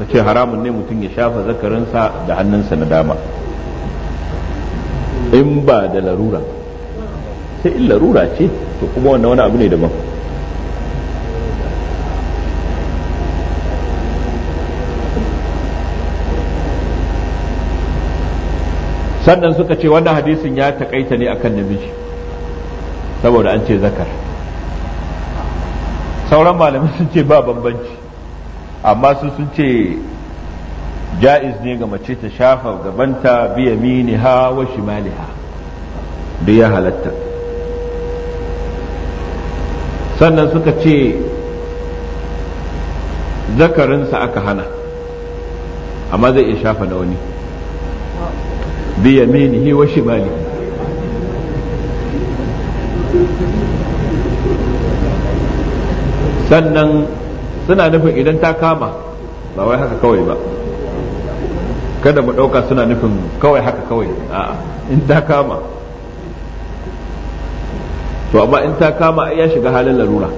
ka ce haramun ne mutum ya shafa zakarinsa da hannunsa na dama in ba da larura sai in larura ce to kuma wannan wani abu ne daban sannan suka ce wannan hadisin ya takaita ne akan namiji saboda an ce zakar sauran malamai sun ce ba bambanci amma su sun ce ja'iz ne ga mace ta shafa gabanta biya ha wa shimaliha da ya halatta sannan suka ce zakarinsa aka hana amma zai iya shafa na wani بيمينه وشماله sannan suna nufin idan ta kama ba wai haka kawai ba kada mu ɗauka suna nufin kawai haka kawai a in ta kama to amma in ta kama ya shiga halin larura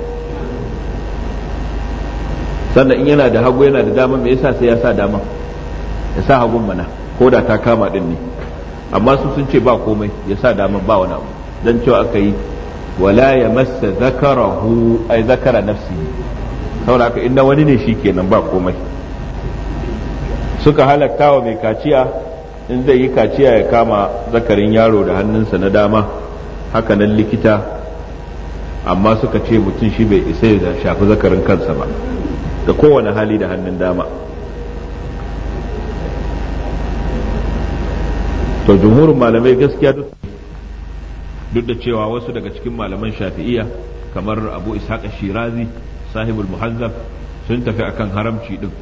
sannan in yana da hagu yana da dama me yasa sai ya sa dama ya sa hagun mana ko da ta kama din ne amma su sun ce ba komai ya sa damar ba wani abu don cewa aka yi wala ya massa zakarahu ai zakara nafsi saboda haka inda wani ne shi nan ba komai suka halatta wa mai kaciya in zai yi kaciya ya kama zakarin yaro da hannunsa na dama haka hakanan likita amma suka ce mutum shi bai isa ya shafi zakarin kansa ba da kowane hali da hannun dama to jumhurin malamai gaskiya duk da cewa wasu daga cikin malaman shafi'iyya kamar abu Ishaqa shirazi sahibul muhazzab sun tafi akan haramci din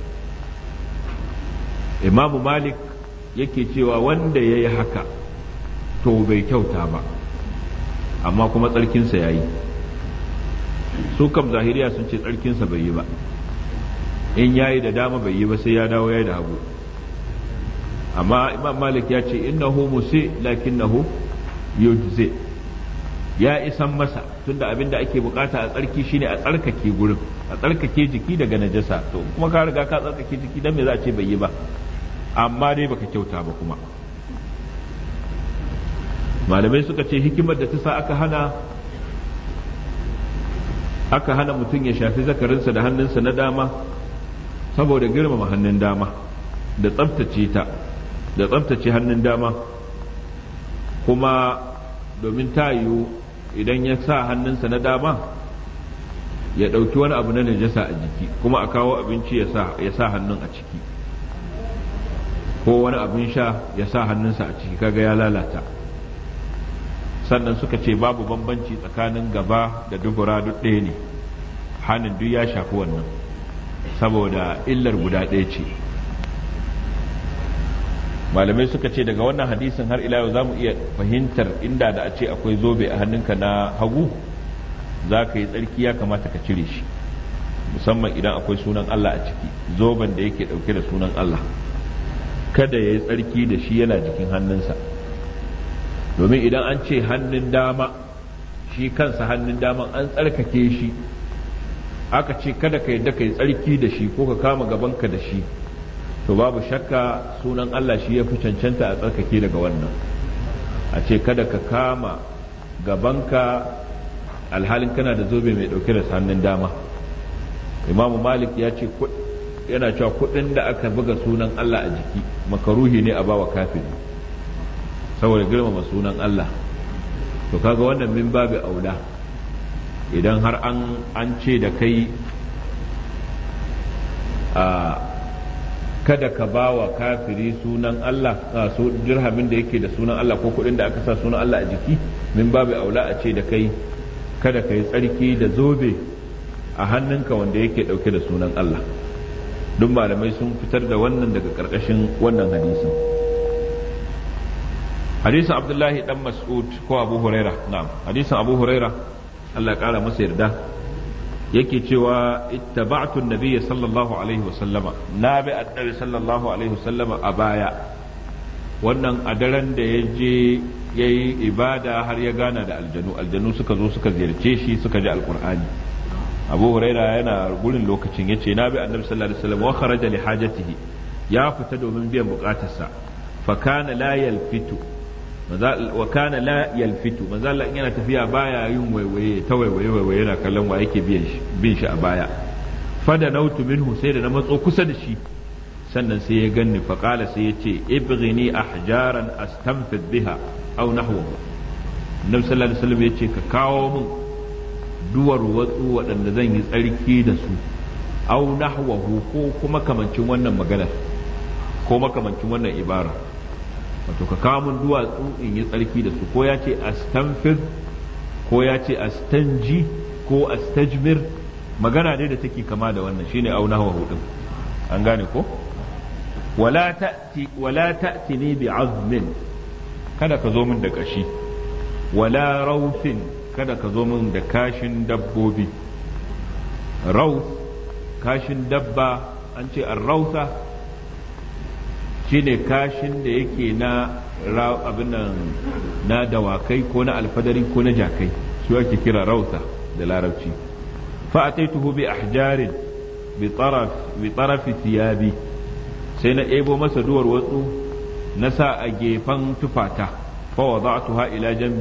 imamu malik yake cewa wanda ya yi haka to bai kyauta ba amma kuma tsarkinsa ya yi su kam zahiriya sun ce tsarkinsa bai yi ba in ya yi da dama bai yi ba sai ya dawo ya yi da hagu amma imam malik ya ce innahu musi lakinnahu yujzi ya isan masa tunda abin da ake bukata a tsarki shine a tsarkake gurin a tsarkake jiki daga najasa to kuma ka riga ka tsarkake jiki dan me za a ce bai yi ba amma dai baka kyauta ba kuma malamai suka ce hikimar da ta sa aka hana aka hana mutum ya shafi zakarinsa da hannunsa na dama saboda girmama hannun dama da tsabtace ta da tsabtace hannun dama kuma domin ta yiwu idan ya sa hannunsa na dama ya ɗauki wani abu na najasa a jiki kuma a kawo abinci ya sa hannun a ciki ko wani abin sha ya sa hannunsa a ciki kaga ya lalata sannan suka ce babu bambanci tsakanin gaba da dubura duk ɗaya ne hannun duk ya shafi wannan saboda illar guda ɗaya ce malamai suka ce daga wannan hadisin har ila yau za mu iya fahimtar inda da a ce akwai zobe a hannunka na hagu za ka yi tsarki ya kamata ka cire shi musamman idan akwai sunan Allah a ciki zoben da yake dauke da sunan Allah kada ya yi tsarki da shi yana jikin hannunsa domin idan an ce hannun dama shi kansa hannun dama an tsarkake shi aka ce kada ka ka yi tsarki da shi ko ka kama gabanka da shi to babu shakka sunan Allah shi ya fi cancanta a tsarkake daga wannan a ce kada ka kama gabanka alhalin kana da zobe mai dauke da hannun dama imamu malik ya ce yana cewa kuɗin da aka buga sunan Allah a jiki makaruhi ne a bawa kafin saboda girmama sunan Allah to kaga wannan min babu aula idan har an ce da kai a kada ka ba wa kafiri sunan Allah su jirhamin da yake da sunan Allah ko kuɗin da aka sa sunan Allah a jiki min babu aula a ce da kai kada ka yi tsarki da zobe a hannunka wanda yake ɗauke da sunan Allah duk malamai sun fitar da wannan daga karkashin wannan hadisi hadisin abdullahi dan mas'ud ko abu huraira na'am hadisin abu huraira Allah kara masa yarda yake cewa ittaba'tu an-nabiyya sallallahu alaihi wasallama na bi annabi sallallahu alaihi wasallama a baya wannan a daren da ya je yayi ibada har ya gana da aljanu aljanu suka zo suka ziyarce shi suka ji alkur'ani. abu huraira yana gurin lokacin yace na bi annabi sallallahu alaihi wasallam wa kharaja li hajatihi ya fita domin biyan bukatarsa fa kana la yalfitu wa kana la yalfitu manzo yana tafiya baya yin waiwaye ta waiwaye waiwaye yana kallon wa yake biyan shi bin shi a baya fada nautu minhu sai da na matso kusa da shi sannan sai ya ganni fa qala sai yace ibghini ahjaran astanfid biha aw nahwa Nabi sallallahu alaihi wasallam yace ka kawo min duwar watsu waɗanda zan yi tsarki da su aw nahwa ko kuma kamancin wannan magana ko makamancin wannan ibara wato ka kawo mun duwatsu in yi tsarki da su ko ya ce astanfir ko ya ce astanji ko astajmir magana dai da take kama da wannan shine auna wa hudu an gane ko wala ta'ti wala ta'tini bi azmin kada ka zo min da kashi wala Raufin kada ka zo min da kashin dabbobi rauth kashin dabba an ce arrausa ne kashin da yake na abinan na dawakai ko na alfadari ko na jakai su ake kira rauta da larabci fa'ataituhu bi ahjarin bi bi tarafi bi. sai na ebo masa duwar watsu na sa a gefen tufata fa wada'tuha ila jan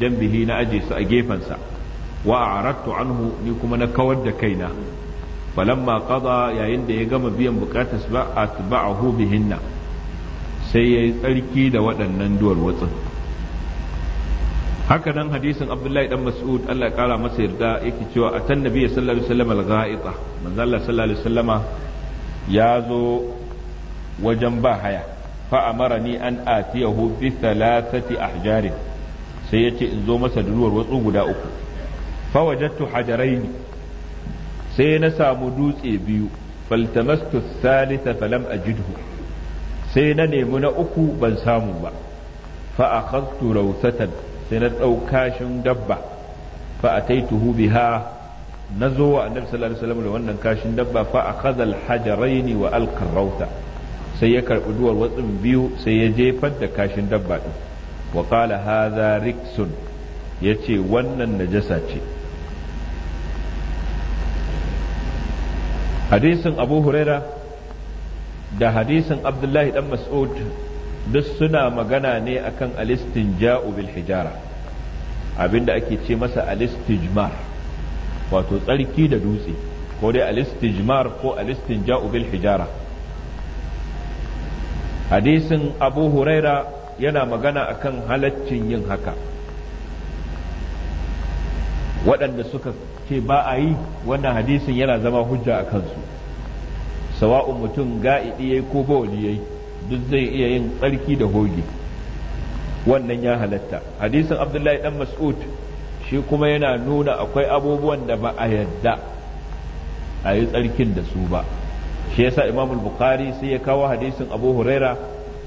janbihi na aje su a gefensa wa a'radtu anhu ni kuma na kawar da kaina falamma qada yayin da ya gama biyan bukatas ba atba'ahu bihinna sai ya yi tsarki da waɗannan duwar haka nan hadisin abdullahi dan mas'ud Allah ya kara masa yarda yake cewa a tan nabi sallallahu alaihi wasallam al-gha'ita manzo Allah sallallahu alaihi wasallama ya zo wajen ba haya fa amarani an atiyahu bi thalathati ahjarin sai ya ce in zo masa duwar watsu guda uku fa wajadtu hajaraini sai na samu dutse biyu faltamastu thalitha falam ajidhu sai na nemi na uku ban samu ba fa akhadtu rawsatan sai na dauka shin dabba fa ataituhu biha nazo wa annabi sallallahu alaihi wasallam da wannan kashin dabba fa akhadha al-hajaraini wa alqa rawta sai ya karbi duwar watsin biyu sai ya jefar da kashin dabba din wa qala hadha riksun yace wannan najasa ce hadisin abu huraira da hadisin abdullahi dan mas'ud duk suna magana ne akan alistinja'u bil hijara abinda ake ce masa alistijmar wato tsarki da dutse ko dai alistijmar ko alistinja'u bil hijara hadisin abu huraira yana magana akan halaccin yin haka waɗanda suka ce ba a yi wannan hadisin yana zama hujja a kansu sawa'un mutum ga'idi yayi ko bawali yayi duk zai iya yin tsarki da goge wannan ya halatta hadisin abdullahi dan mas'ud shi kuma yana nuna akwai abubuwan da ba a yadda a yi tsarkin da su ba shi yasa imam bukhari sai ya kawo hadisin abu huraira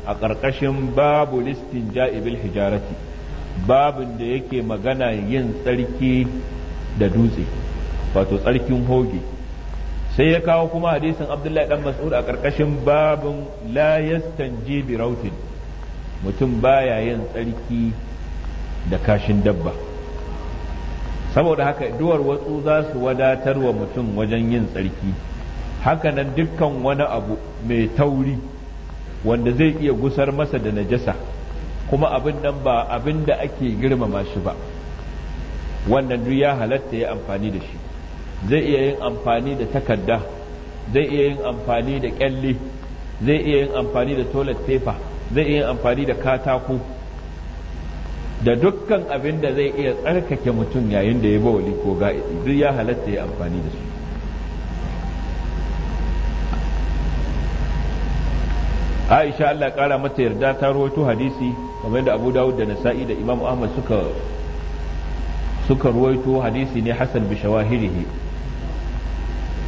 a ƙarƙashin babu listin ja'ibil hijarati babin da yake magana yin tsarki da dutse wato tsarkin hoge sai ya kawo kuma hadisin abdullahi dan mas'ud a karkashin babin la yastanji bi rautin mutum baya yin tsarki da kashin dabba saboda haka duwar watsu za su wadatar wa mutum wajen yin tsarki hakanan dukkan wani abu mai tauri wanda zai iya gusar masa da najasa kuma abin nan ba abin da ake girmama shi ba wannan duk ya halatta ya amfani da shi zai iya yin amfani da takarda zai iya yin amfani da kyalle zai iya yin amfani da toilet paper zai iya yin amfani da katako da dukkan abin da zai iya tsarkake mutum yayin da ya bawali ko ga'idi duk ya halatta ya amfani da su Aisha Allah kara mata yarda ta rawaito hadisi kamar da Abu Dawud da Nasa'i da Imam Ahmad suka suka rawaito hadisi ne hasan bi shawahirihi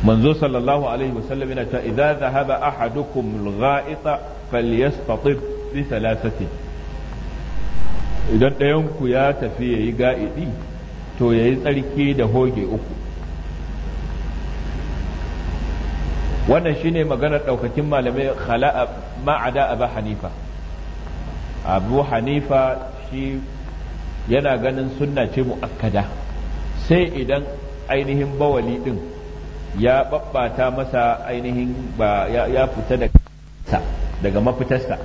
manzo sallallahu alaihi wasallam yana cewa idza zahaba ahadukum al-gha'ita falyastatib bi thalathati idan ɗayan ku ya tafi yayi ga'idi to yayi tsarki da hoge uku wannan shine maganar ɗaukakin malamai khala'a ma'ada abu hanifa abu hanifa shi yana ganin sunna ce mu'akkada sai idan ainihin bawali ɗin. ya babbata masa ainihin ba ya fita daga mafitarsa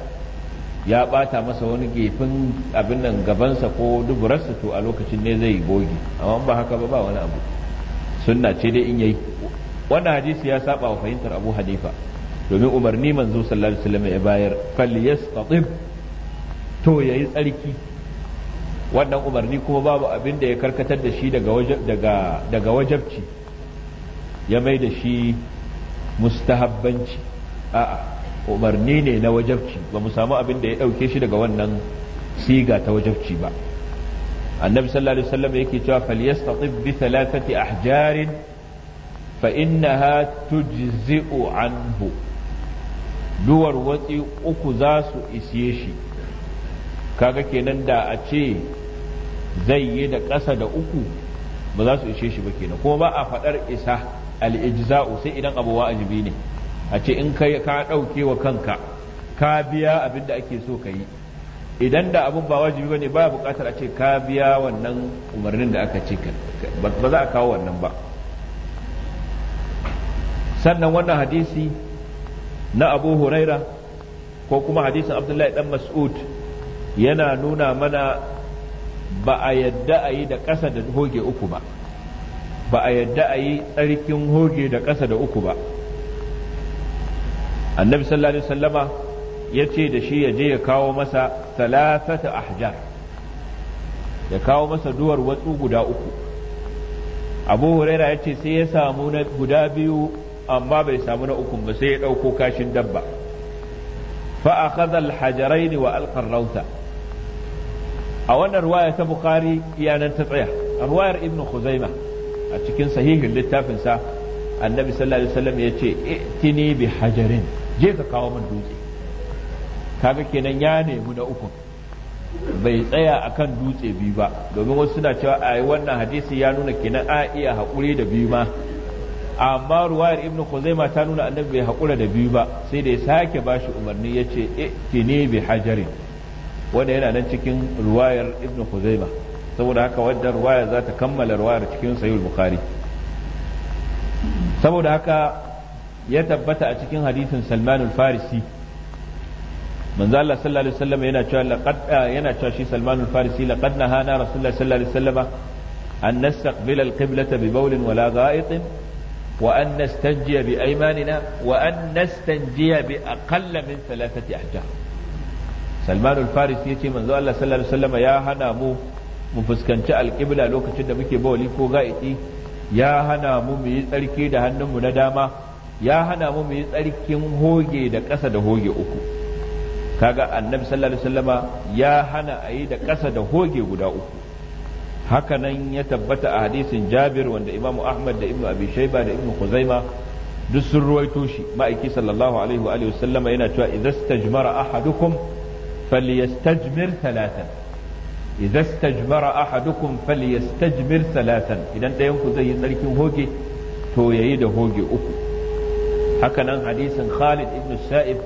ya bata masa wani gefen abin nan gabansa ko duburarsa to a lokacin ne zai goge amma ba haka ba ba wani abu sunna ce dai in yayi wannan hadisi ya saba wa fahimtar Abu Hanifa domin umarni manzo sallallahu alaihi wasallam ya bayar fal yastatib to yayi tsarki wannan umarni kuma babu abin da ya karkatar da shi daga daga daga wajabci ya mai da shi mustahabbanci a'a umarni ne na wajabci ba mu samu abin da ya ɗauke shi daga wannan siga ta wajabci ba annabi sallallahu alaihi wasallam yake cewa falyastatib bi thalathati ahjarin fa innaha tujzi'u anhu duwar watsi uku za su isiye shi kaga kenan da a ce zai yi da ƙasa da uku ba za su ishe shi ba kenan kuma ba a faɗar isa al-ijza'u sai idan abu wajibi ne a ce in kai ka ɗauke wa kanka ka biya abin da ake so ka yi idan da abun ba wajibi ne ba buƙatar a ce ka biya wannan umarnin da aka ce ba za a kawo wannan ba sannan wannan hadisi na abu huraira ko kuma hadisin abdullahi dan mas'ud yana nuna mana ba a yadda a yi da ƙasa da hoge uku ba ba a yadda a yi tsarkin hoge da ƙasa da uku ba annabi sallallahu alaihi wasallama ya ce da shi ya je ya kawo masa salasata ahjar ya kawo masa duwar watsu guda uku abu huraira ya ce sai ya samu na guda biyu amma bai samu na uku ba sai ya ɗauko kashin dabba fa akhadha al wa alkar ar a wannan ruwaya ta bukhari iyanan ta tsaya a ruwayar ibnu khuzaimah a cikin sahihin littafinsa annabi sallallahu alaihi wasallam ya ce itini bi hajarin je ka kawo min dutse kaga kenan ya nemi na uku bai tsaya akan dutse biyu ba domin wasu suna cewa ayi, wannan hadisi ya nuna kenan a iya haƙuri da biyu ma amma ruwayar ibnu khuzaima ta nuna annabi bai hakura da biyu ba sai da ya sake bashi umarni ya ce itini bi hajarin wanda yana nan cikin ruwayar ibnu khuzaima saboda haka wadda ruwaya za ta kammala ruwayar cikin sahih bukhari saboda haka ya tabbata a cikin hadithin salman al-farisi manzo Allah sallallahu alaihi wasallam yana cewa laqad eh, yana cewa shi salman al-farisi laqad nahana rasulullah sallallahu alaihi wasallam an nastaqbila al-qiblata bi bawlin wala bi وأن نستنجي بأيماننا وأن نستنجي بأقل من ثلاثة أحجار سلمان الفارسي يتي من الله صلى الله عليه وسلم يا هنا مو mu fuskanci alƙibla lokacin da muke bawali ko ga'iti ya hana mu mu yi tsarki da hannunmu na dama ya hana mu mu yi tsarkin hoge da ƙasa da hoge uku kaga annabi sallallahu alaihi wasallama ya hana a yi da ƙasa da hoge guda uku hakanan ya tabbata a hadisin jabir wanda imamu ahmad da ibnu abi shayba da ibnu khuzaima duk sun ruwaito shi ma'aiki sallallahu alaihi wa alihi yana cewa idza stajmara ahadukum falyastajmir talatin. idza istajmara ahadukum falyastajmir salatan idan ɗayan ku zai yi tsarkin hoge to yayi da hoge uku hakanan nan hadisin Khalid ibnu Sa'ib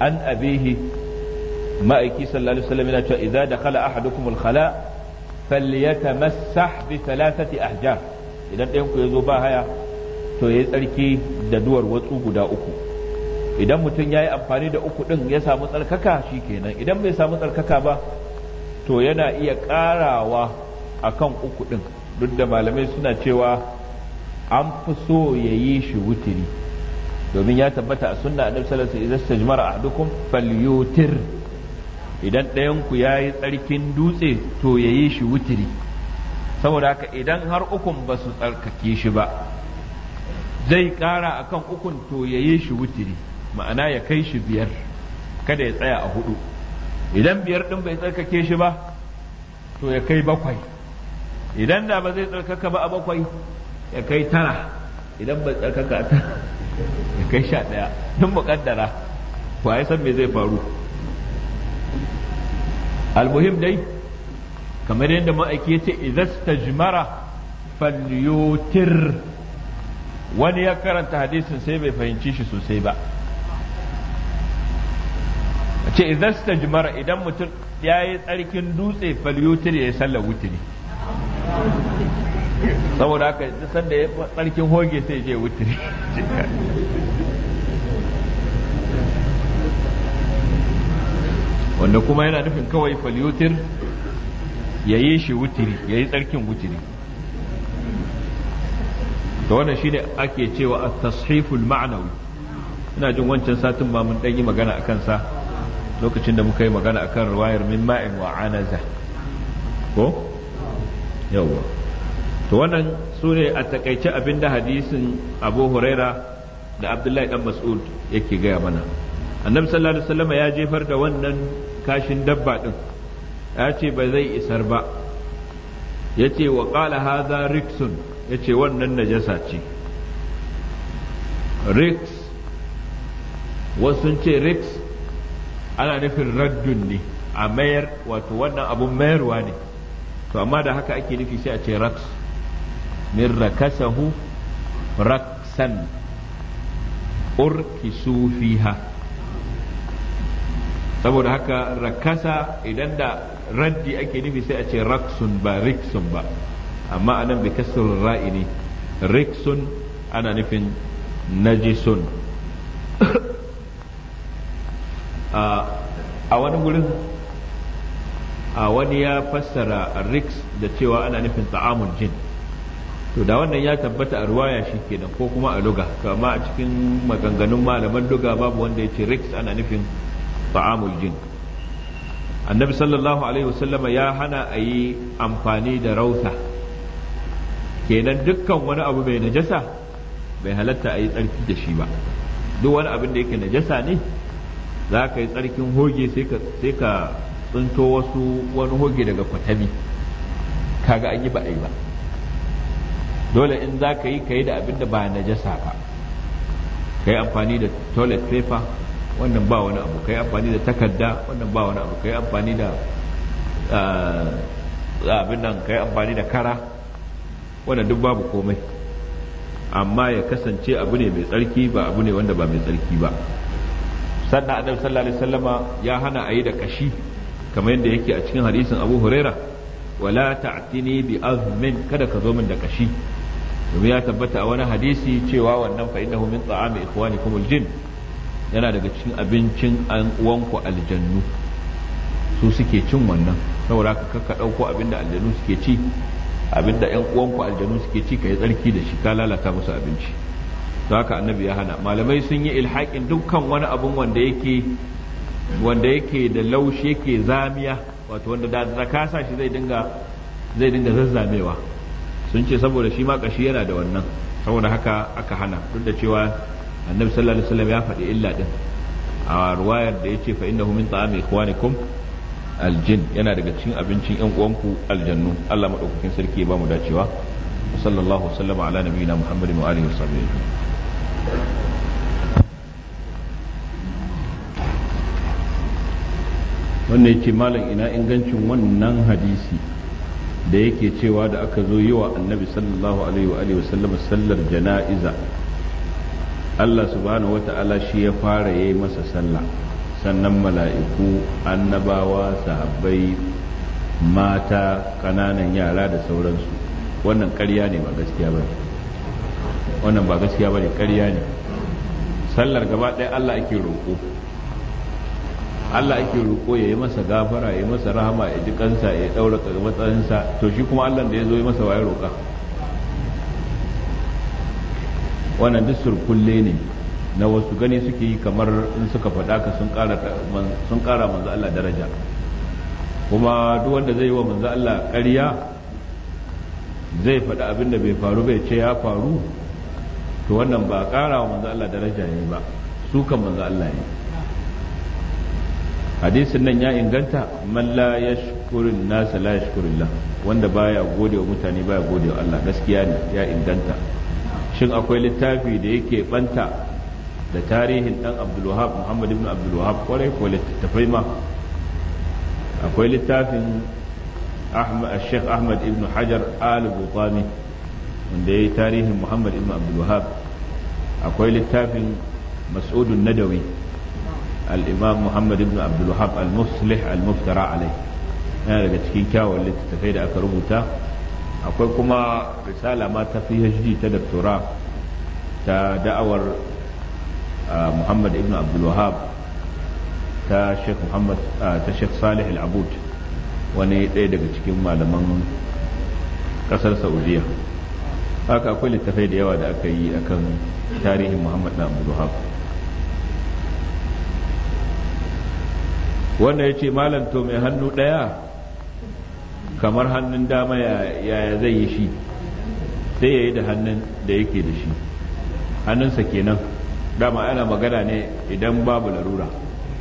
an abihi ma'aiki sallallahu alaihi wasallam yana cewa idza dakhala ahadukum al-khala falyatamassah bi thalathati ahjar idan ɗayan ku zo ba haya to yayi tsarki da watsu guda uku idan mutum ya yi amfani da uku ɗin ya samu tsarkaka shi kenan idan bai samu tsarkaka ba to yana iya ƙarawa akan uku ɗin duk da malamai suna cewa an fi so ya yi shi wutiri domin ya tabbata a sunna a sallallahu idan wasallam idan a ahadukum falyotir. idan ɗayanku ya yi tsarkin dutse to ya yi shi wutiri saboda haka idan har ukun ba su tsarkake shi ba zai ƙara akan ukun to ya yi shi wutiri ma'ana ya kai shi biyar kada ya tsaya a hudu idan biyar ɗin bai tsarkake shi ba to ya kai bakwai idan da ba zai tsarkaka ba a bakwai ya kai tara idan ba tsarkaka ta ya kai sha ɗaya don muƙaddara ko ai san me zai faru almuhim dai kamar yadda ma'aiki ya ce idan tajmara falyutir wani ya karanta hadisin sai bai fahimci shi sosai ba ce idan stajmara idan mutum ya yi tsarkin dutse falyutir ya yi sallar wutiri saboda haka duk sanda ya tsarkin hoge sai je wutiri wanda kuma yana nufin kawai falyutir ya yi shi wutiri ya yi tsarkin wutiri da wannan shine ake cewa a tashiful ma'anawi ina jin wancan satin ba mun ɗan yi magana a kansa lokacin da muka yi magana a kan ruwayar min ma'in wa anaza ko yawwa to wannan su ne a takaice abin da hadisin abu huraira da abdullahi dan mas'ud yake gaya mana annabi sallallahu alaihi wasallam ya jefar da wannan kashin dabba ɗin. ya ce ba zai isar ba ya ce wa qala haza riksun ya ce wannan najasa ce riks wasu ce riks ana nufin raddun ne a mayar wato wannan abun mayarwa ne to amma da haka ake nufi sai a ce raks min rakasahu raksan su fiha saboda haka rakasa idan da raddi ake nufi sai a ce raksun ba riksun ba amma anan bi kasrul ra'i ne riksun ana nufin najisun a wani gurin a wani ya fassara rix da cewa ana nufin ta'amun jin to da wannan ya tabbata a ruwaya shi kenan ko kuma a luga kama a cikin maganganun malaman luga babu wanda ya ce rix ana nufin ta'amul jin annabi sallallahu alaihi wasallama ya hana a yi amfani da rauta kenan dukkan wani abu mai najasa bai halatta a yi tsarki da shi ba duk wani abin da yake najasa ne za ka yi tsarkin hoge sai ka tsinto wasu wani hoge daga kwatami kaga an yi ba ba dole in za ka yi ka yi da abin da ba jasa ba ka yi amfani da toilet paper wannan ba wani abu ka yi amfani da takarda wannan ba wani abu ka yi amfani da eh, abin nan ka yi amfani da kara wannan duk babu komai amma ya kasance abu ne mai tsarki ba abu ne wanda ba mai tsarki ba sannan annabi sallallahu alaihi wasallama ya hana a yi da kashi kamar yadda yake a cikin hadisin abu huraira wala ta'tini bi azmin kada ka zo min da kashi domin ya tabbata a wani hadisi cewa wannan fa innahu min ta'ami ikhwanikum aljin yana daga cikin abincin an uwanku aljannu su suke cin wannan saboda ka kakka dauko abinda aljannu suke ci abinda yan uwanku aljannu suke ci kai tsarki da shi ka lalata musu abinci don haka annabi ya hana malamai sun yi ilhaƙin dukkan wani abun wanda yake wanda yake da laushi yake zamiya wato wanda da zakasa shi zai dinga zai dinga zazzamewa sun ce saboda shi ma kashi yana da wannan saboda haka aka hana duk da cewa annabi sallallahu alaihi wasallam ya faɗi illa din a ruwayar da yace fa innahu min ta'ami ikhwanikum aljin yana daga cikin abincin yan uwanku aljannu Allah madaukakin sarki ya ba mu dacewa sallallahu alaihi wasallam ala nabiyina muhammadin wa alihi wa wannan yake malam ina ingancin wannan hadisi da yake cewa da aka zo yi wa annabi sallallahu alaihi wa alihi sallar jana'iza Allah subhanahu ta'ala shi ya fara yayi masa sallah sannan mala'iku annabawa sahabbai mata ƙananan yara da sauransu wannan ƙarya ne ba gaskiya ba wannan ba gaskiya bane ƙarya ne sallar gaba ɗaya Allah ake roƙo Allah ake roƙo ya yi masa gafara ya yi masa rahama ya ji kansa ya ɗaura matsayinsa to shi kuma Allah da ya zo yi masa waye roƙa wannan duk surkulle ne na wasu gani suke yi kamar in suka faɗa ka sun ƙara manzo Allah daraja kuma duk wanda zai yi wa manzo Allah ƙarya zai faɗi abin da bai faru bai ce ya faru to wannan ba ƙara wa manzo Allah daraja ne ba su kan manzo Allah ne hadisin nan ya inganta man la yashkurun nas la yashkurullah wanda baya gode wa mutane baya gode wa Allah gaskiya ne ya inganta shin akwai littafi da yake banta da tarihin dan Wahab Muhammad ibn Wahab kwarai ko littattafai ma akwai littafin Ahmad Sheikh Ahmad ibn Hajar Al-Butami wanda ya yi tarihin muhammad ibn abdulwahab akwai littafin mas'udun nadawi al-imam muhammad ibn abdulwahab al-muslih al-muftara alai yana daga cikin kyawun littattafai da aka rubuta akwai kuma risala ma ta phd ta doktora ta da'awar ah, muhammad ibn abdulwahab ta sheikh muhammad ah, ta sheikh salih al-abud wani ɗaya daga cikin malaman ƙasar saudiya haka akwai littafai da yawa da aka yi akan tarihin muhammad na abdulhab wanda ya ce malam to mai hannu ɗaya kamar hannun dama yaya zai yi shi sai ya yi da hannun da yake da shi hannunsa kenan dama ana magana ne idan babu larura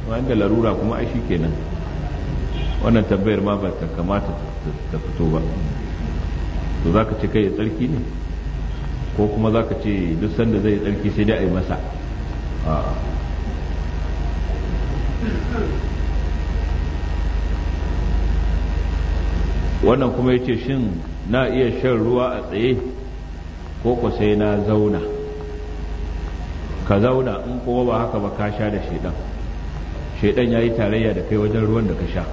wanda larura kuma ai shi kenan wannan tambayar ma ba ta kamata ta fito ba to za ka ce kai tsarki ne ko kuma za ka ce duk sanda zai tsarki sai dai a yi masa wannan kuma ya ce shin na iya shan ruwa a tsaye ko ku sai na zauna ka zauna in kuma ba haka ba ka sha da shaidan shaidan ya yi tarayya da kai wajen ruwan da ka sha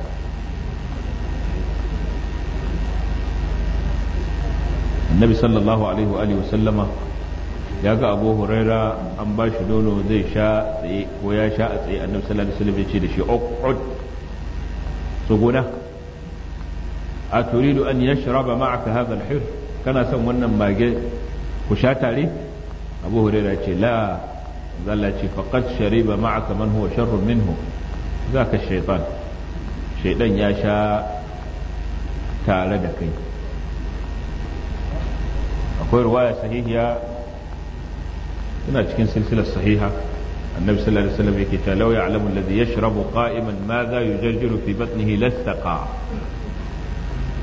annabi sallallahu alaihi wa sallama ya ga abu huraira an bashi shi nono zai sha tsaye ko ya a tsaye annabi sallallahu alaihi wasallam ya ce da shi uqud tsuguna a turidu an yashraba ma'aka hadha al-hir kana son wannan mage ku sha tare abu huraira ce la zalla ce faqad shariba ma'aka zaka shaytan shaydan ya sha tare da kai akwai ruwaya sahihiya suna cikin silsilar sahiha annabi sallallahu alaihi wasallam yake ta law ya'lamu alladhi yashrabu qa'iman ma za yujajjiru fi batnihi lastaqa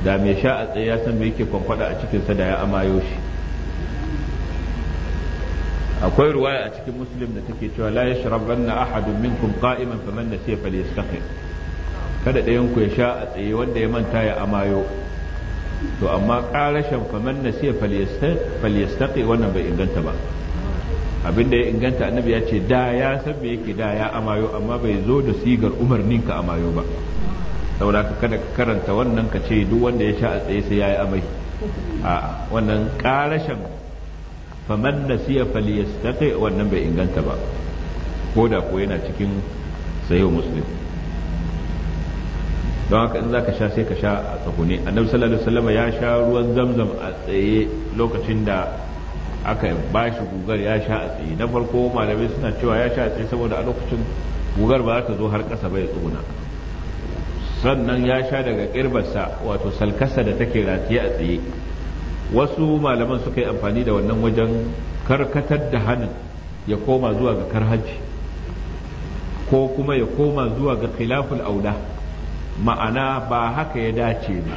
da mai sha a tsaye ya san me yake kwankwada a cikin sa da ya amayo shi akwai ruwaya a cikin muslim da take cewa la yashrabanna ahadun minkum qa'iman faman nasiya falyastaqi kada ɗayan ku ya sha a tsaye wanda ya manta ya amayo to amma ƙarashin faman na siya falyastaƙi wannan bai inganta ba abinda ya inganta annabi ya ce da ya san me yake da ya amayo amma bai zo da sigar umarnin ka amayo ba saboda ka kada ka karanta wannan ka ce duk wanda ya sha a tsaye sai yayi amai a wannan ƙarashin faman na siya falyastaƙi wannan bai inganta ba ko da ko yana cikin sayo muslim don haka in za ka sha sai ka sha a tsakuni annabi sallallahu alaihi wasallam ya sha ruwan zamzam a tsaye lokacin da aka ba shi gugar ya sha a tsaye na farko malamai suna cewa ya sha a tsaye saboda a lokacin gugar ba za ta zo har kasa ba ya tsuguna sannan ya sha daga ƙirbarsa wato salkasa da take ratiye a tsaye wasu malaman suka yi amfani da wannan wajen karkatar da hannun ya koma zuwa ga karhaji ko kuma ya koma zuwa ga khilaful auda ma'ana ba haka ya dace ba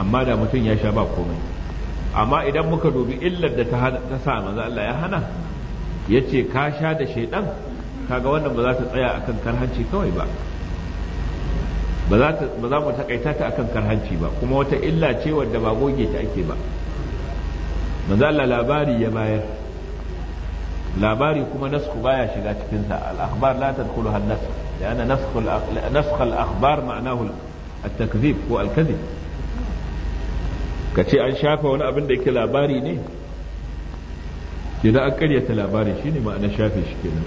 amma da mutum ya sha ba komai amma idan muka dubi illar da ta sa manzo Allah ya hana ya ce ka sha da shaidan kaga wannan ba za ta tsaya akan karhanci kawai ba ba za mu takaita ta akan karhanci ba kuma wata illa ce wadda ba goge ta ake ba manzo Allah labari ya bayar labari kuma nasku baya shiga cikin sa al-akhbar la tadkhulu an-nas li'anna naskhul nasakh al-akhbar ma'nahu at-takdhib ko al-kadhib kace an shafa wani abin da yake labari ne idan an karyata labari shine ma'ana shafe shi kenan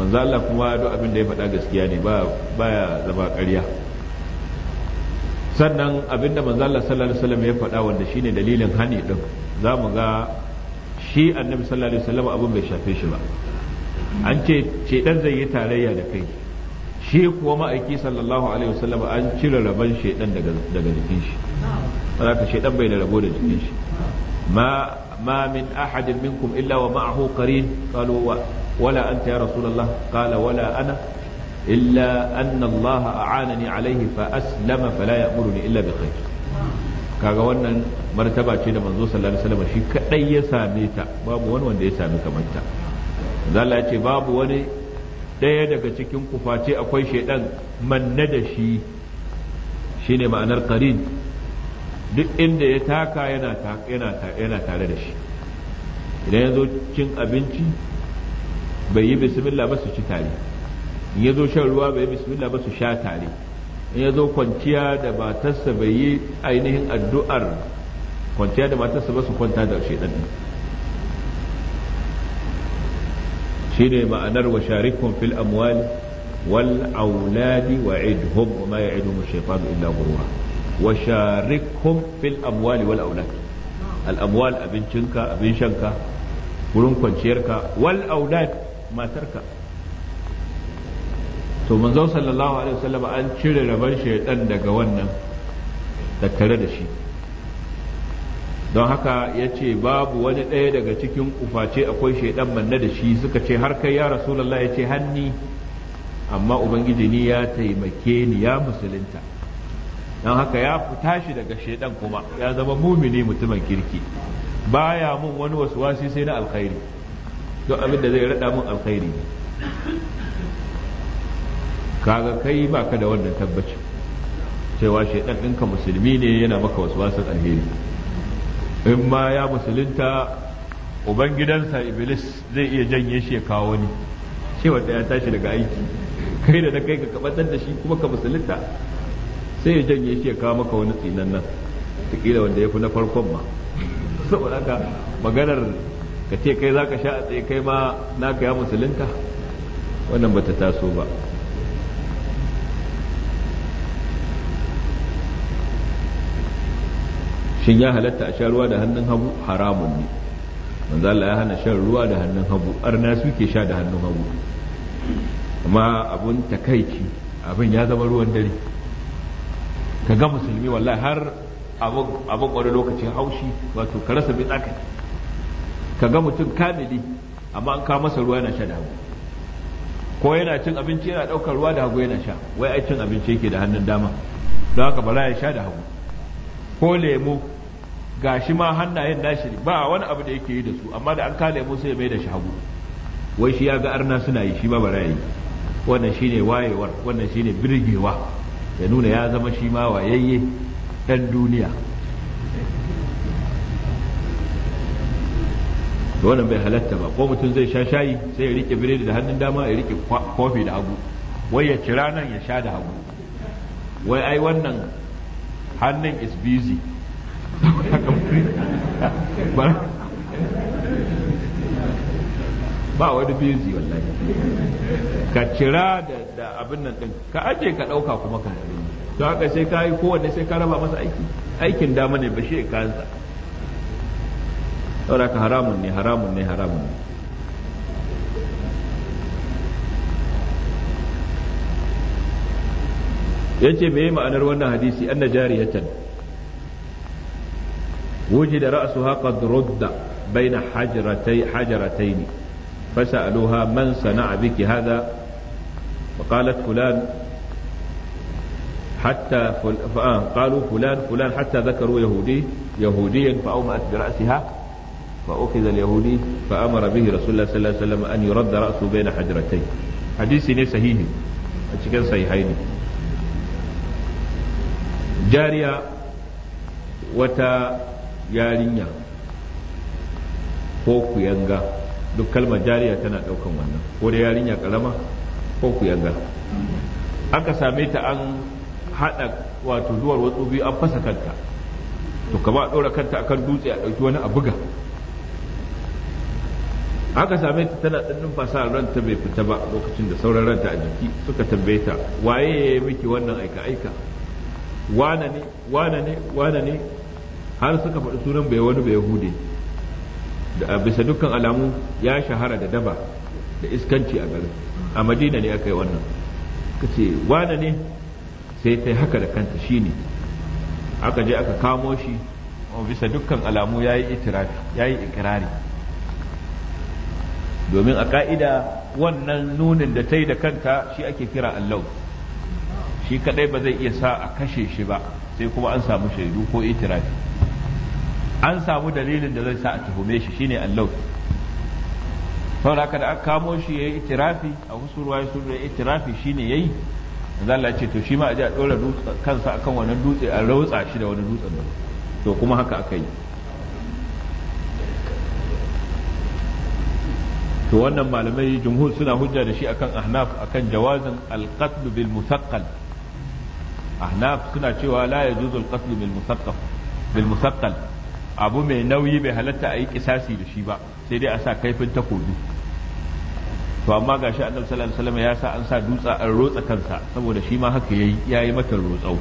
manzo Allah kuma duk abin da ya faɗa gaskiya ne ba baya zama ƙarya sannan abin da manzo Allah sallallahu alaihi wasallam ya faɗa wanda shine dalilin hani din zamu ga shi annabi sallallahu alaihi wasallam abin bai shafe shi ba an ce ce dan zai yi tarayya da kai shi kuwa ma'aiki sallallahu alaihi wasallam an cire rabon shedan daga daga jikin shi saboda shedan bai da rabo da jikin shi ma ma min ahadin minkum illa wa ma'ahu qarin qalu wala anta ya rasulullah qala wala ana illa إلا أن الله أعانني عليه فأسلم فلا illa إلا بخير kaga wannan martaba ce da manzo sallallahu alaihi wasallam shi kadai ya same ta babu wani wanda ya sami kamar ta zalla ya ce babu wani daya daga cikin kuface akwai shaidan manna da shi shine ma'anar qarin duk inda ya taka yana yana yana tare da shi idan ya zo cin abinci bai yi bismillah ba su ci tare in ya shan ruwa bai yi bismillah ba su sha tare ya zo kwanciya da matarsa bai yi ainihin addu'ar kwanciya da matarsa ba su kwanta da shaidan shi ne ma'anar wa sharikun fil amwal wal auladi wa idhum wa ma ya'iduhum shaytanu illa ghurura wa sharikhum fil amwali wal aulad al amwal abincinka abin shanka wurin kwanciyarka wal aulad matarka to manzo sallallahu alaihi wasallam an cire rabar shaidan daga wannan da tare da shi don haka ya ce babu wani ɗaya daga cikin kuface akwai shaidan manne da shi suka ce har kai ya rasulallah ya ce hanni amma ubangiji ni ya taimake ni ya musulunta don haka ya fita shi daga shaidan kuma ya zama mumini mutumin kirki baya mun wani wasu wasi sai na alkhairi don abin da zai raɗa mun alkhairi kaga kai baka da wannan tabbaci cewa shaidan ɗinka musulmi ne yana maka wasu wasan alheri in ma ya musulunta ubangidansa iblis zai iya janye shi ya kawo ni cewa da ya tashi daga aiki kai da na kai ka kabatar da shi kuma ka musulunta sai ya janye shi ya kawo maka wani tsinan nan tukila wanda ya fi na farkon ma saboda haka maganar ka ce kai zaka sha a tsaye kai ma naka ya musulunta wannan bata taso ba shin ya halatta a sha ruwa da hannun hagu haramun ne manzo Allah ya hana shan ruwa da hannun hagu arna suke sha da hannun hagu amma abun takaici abin ya zama ruwan dare ka ga musulmi wallahi har abu wani lokacin haushi wato ka rasa mai tsaka ka ga mutum kamili amma an kawo masa ruwa yana sha da hagu ko yana cin abinci yana ɗaukar ruwa da hagu yana sha wai ai cin abinci yake da hannun dama don haka ba ya sha da hagu ko lemu gashi ma hannayen nashi ba wani abu da yake yi da su amma da an kale mu sai mai da shi hagu wai shi ya ga arna suna yi shi ba bara yi wannan shine wayewar wannan shine birgewa ya nuna ya zama shi ma wayayye dan duniya wannan bai halatta ba ko mutum zai sha shayi sai ya rike biredi da hannun dama ya rike kofi da hagu wai ya kira nan ya sha da hagu wai ai wannan hannun is busy ba wani bezi wallahi ka cira da abin nan din ka aje ka dauka kuma ka to haka sai ka yi kowanne sai ka raba masa aiki aikin dama ne ba shi ka yansa saboda ka haramun ne haramun ne haramun ne yace me ma'anar wannan hadisi anna jariyatan وجد رأسها قد رد بين حجرتي حجرتين فسألوها من صنع بك هذا فقالت فلان حتى فل... فآه قالوا فلان فلان حتى ذكروا يهودي يهوديا فأومأت برأسها فأخذ اليهودي فأمر به رسول الله صلى الله عليه وسلم أن يرد رأسه بين حجرتين حديث صحيح أتشكل صحيحين جارية وتا yarinya ko kuyanga duk kalmar jariya tana daukan wannan ko da yarinya karama ko kuyanga aka same ta an hada wato zuwar watsu biyu an fasa kanta to kama a ɗora kanta akan dutse a ɗauki wani a buga aka same ta tana ɗan numfasa ranta bai fita ba lokacin da sauran ranta a jiki suka tambaye ta waye ya yi miki wannan aika aika wane ne wane ne wane ne har suka faɗi sunan bai wani bai hude da bisa dukkan alamu ya shahara da daba da iskanci a garin a madina ne aka yi wannan ka ce wane ne sai ta haka da kanta shi ne aka je aka kamo shi bisa dukkan alamu ya yi ikirari domin a ka'ida wannan nunin da ta yi da kanta shi ake kira allau shi kadai ba zai iya sa a kashe shi ba sai kuma an samu shaidu ko itirafi an samu dalilin da zai sa a tuhume shi shine allau saboda haka da aka kamo shi yayi itirafi a wasu ruwa sun da itirafi shine yayi zalla ce to shi ma a ji a dora kansa akan wannan dutse a rautsa shi da wani dutsen nan to kuma haka aka yi to wannan malamai jumhur suna hujja da shi akan ahnaf akan jawazin alqatl bil musaqqal ahnaf suna cewa la yajuzu alqatl bil musaqqal bil musaqqal abu mai nauyi bai halatta a yi kisasi da shi ba sai dai a sa kaifin takobi to amma gashi annabi sallallahu alaihi wasallam ya sa an sa dutsa an rotsa kansa saboda shi ma haka yayi yayi mata rotsau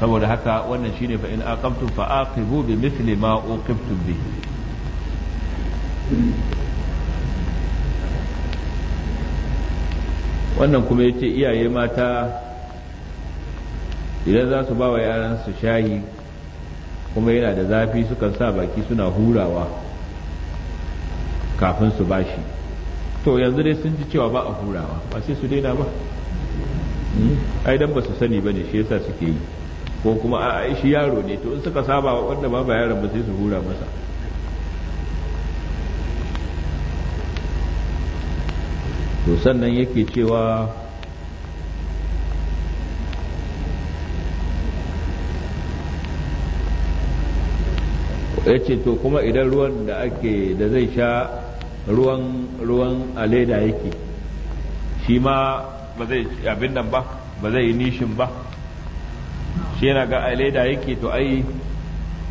saboda haka wannan shine fa in aqamtu fa aqibu bi mithli ma uqibtu bi wannan kuma yace iyaye mata idan za su ba wa yaransu shayi kuma yana da zafi suka sa baki suna hurawa kafin su bashi to yanzu dai sun ji cewa ba a hurawa ba sai su daina ba hmm? ai dan ba su sani ba ne shi yasa suke yi ko kuma a shi yaro ne to in suka saba wanda ba ba yaron ba sai su hura masa to sannan yake cewa ya ce to kuma idan ruwan da ake da zai sha ruwan ruwan aleda yake shi ma ba zai abin nan ba ba zai yi nishin ba shi yana ga aleda yake to ai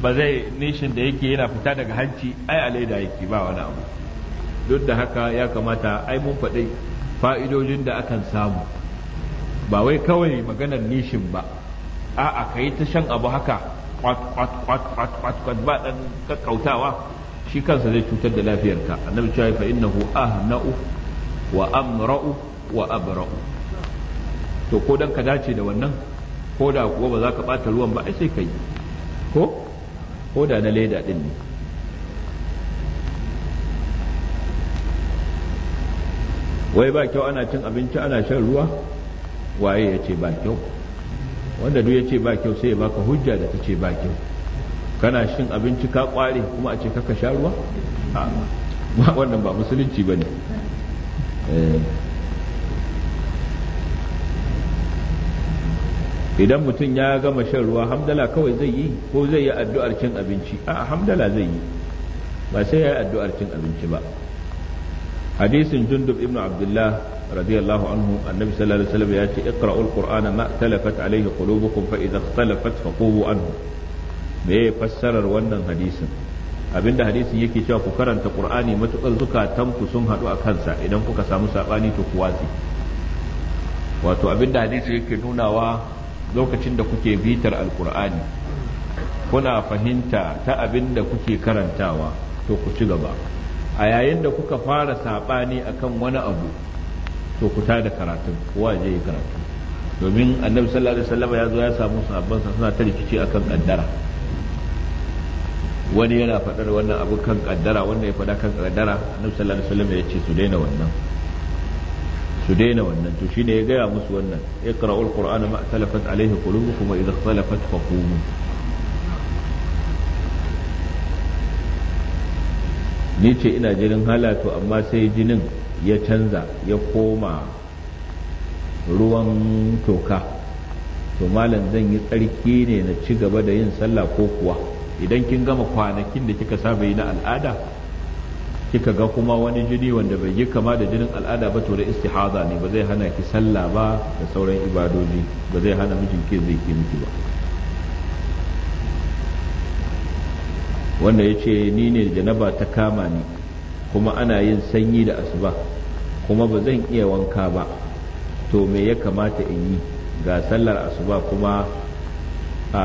ba zai nishin da yake yana fita daga hanci ai aleda yake ba wani abu duk da haka ya kamata ai mun faɗi fa'idojin da akan samu ba wai kawai maganar nishin ba a'a ka yi ta shan abu haka kwat kwat kwat kwat kwat ba dan kakkautawa shi kansa zai cutar da lafiyarka annabi cewa fa innahu ahna'u wa amra'u wa abra'u to ko dan ka dace da wannan ko da kuwa ba za ka bata ruwan ba ai sai kai ko ko da na leda din ne wai ba kyau ana cin abinci ana shan ruwa waye ya ce ba kyau wanda duk ce ba kyau sai ya baka hujja da tace ba kyau kana shin abinci ka kware kuma a ce kaka sha ruwa ba wannan ba musulunci bane eh. idan mutum ya gama shan ruwa hamdala kawai zai yi ko zai yi addu'ar cin abinci a hamdala zai yi ba sai ya yi addu'ar cin abinci ba hadisin jundub ibnu abdullah radiyallahu anhu annabi sallallahu alaihi wasallam ya ce iqra'ul qur'ana ma talafat alaihi qulubukum fa idza ikhtalafat faqubu anhu me fassarar wannan hadisin abinda hadisin yake cewa ku karanta qur'ani matukar zukatanku sun hadu a kansa idan kuka samu sabani to kuwa watsi wato abinda hadisi yake nunawa lokacin da kuke bitar alqur'ani kuna fahimta ta abinda kuke karantawa to ku ci gaba a yayin da kuka fara saɓani a kan wani abu to ku da karatun kowa je yi karatu domin annabi sallallahu alaihi wasallam ya zo ya samu sahabban suna ta rikici akan kaddara wani yana faɗar wannan abu kan kaddara wanda ya faɗa kan kaddara annabi sallallahu alaihi wasallam ya ce su daina wannan su daina wannan to shine ya gaya musu wannan iqra'ul qur'ana ma talafat alaihi qulubukum wa idha talafat faqumu ni ce ina jinin halatu amma sai jinin ya canza ya koma ruwan toka to malam zan yi tsarki ne na ci gaba da yin sallah ko kuwa idan kin gama kwanakin da kika saba yi na al'ada kika ga kuma wani jini wanda bai yi kama da jinin al'ada ba to da istihaza ne ba zai hana ki sallah ba da sauran ibadoji ba zai hana mijinki zai ki miki ba wanda ya ce ni ne janaba ta kama ni kuma ana yin sanyi da asuba kuma ba zan iya wanka ba to me ya kamata in yi ga sallar asuba kuma a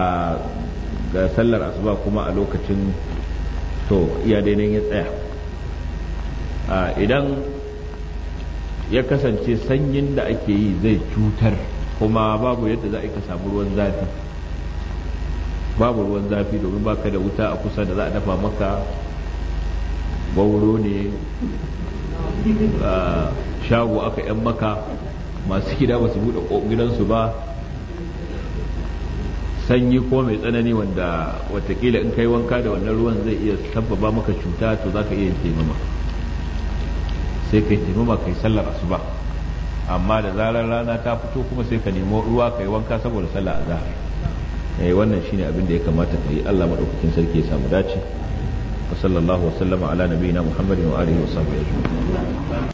ga sallar asuba kuma a lokacin to iya daidai ya tsaya idan ya kasance sanyin da ake yi zai cutar kuma babu yadda za a ka samu ruwan zafi babu ruwan zafi domin baka da wuta a kusa da za a dafa maka bauro ne ah, shago aka yan maka masu gida ba su buɗe gidansu ba sanyi ko mai tsanani wanda watakila in kai wanka da wannan ruwan zai iya sabbaba maka cuta to za ka iya taimama sai kai taimama kai sallar asuba amma da zarar rana ta fito kuma sai ka nemo ruwa kai wanka saboda sallar azahar eh wannan shine abin da ya kamata ka yi Allah madaukakin sarki ya samu dace sallallahu wa ala nabiyina muhammadin wa alihi wa sahbihi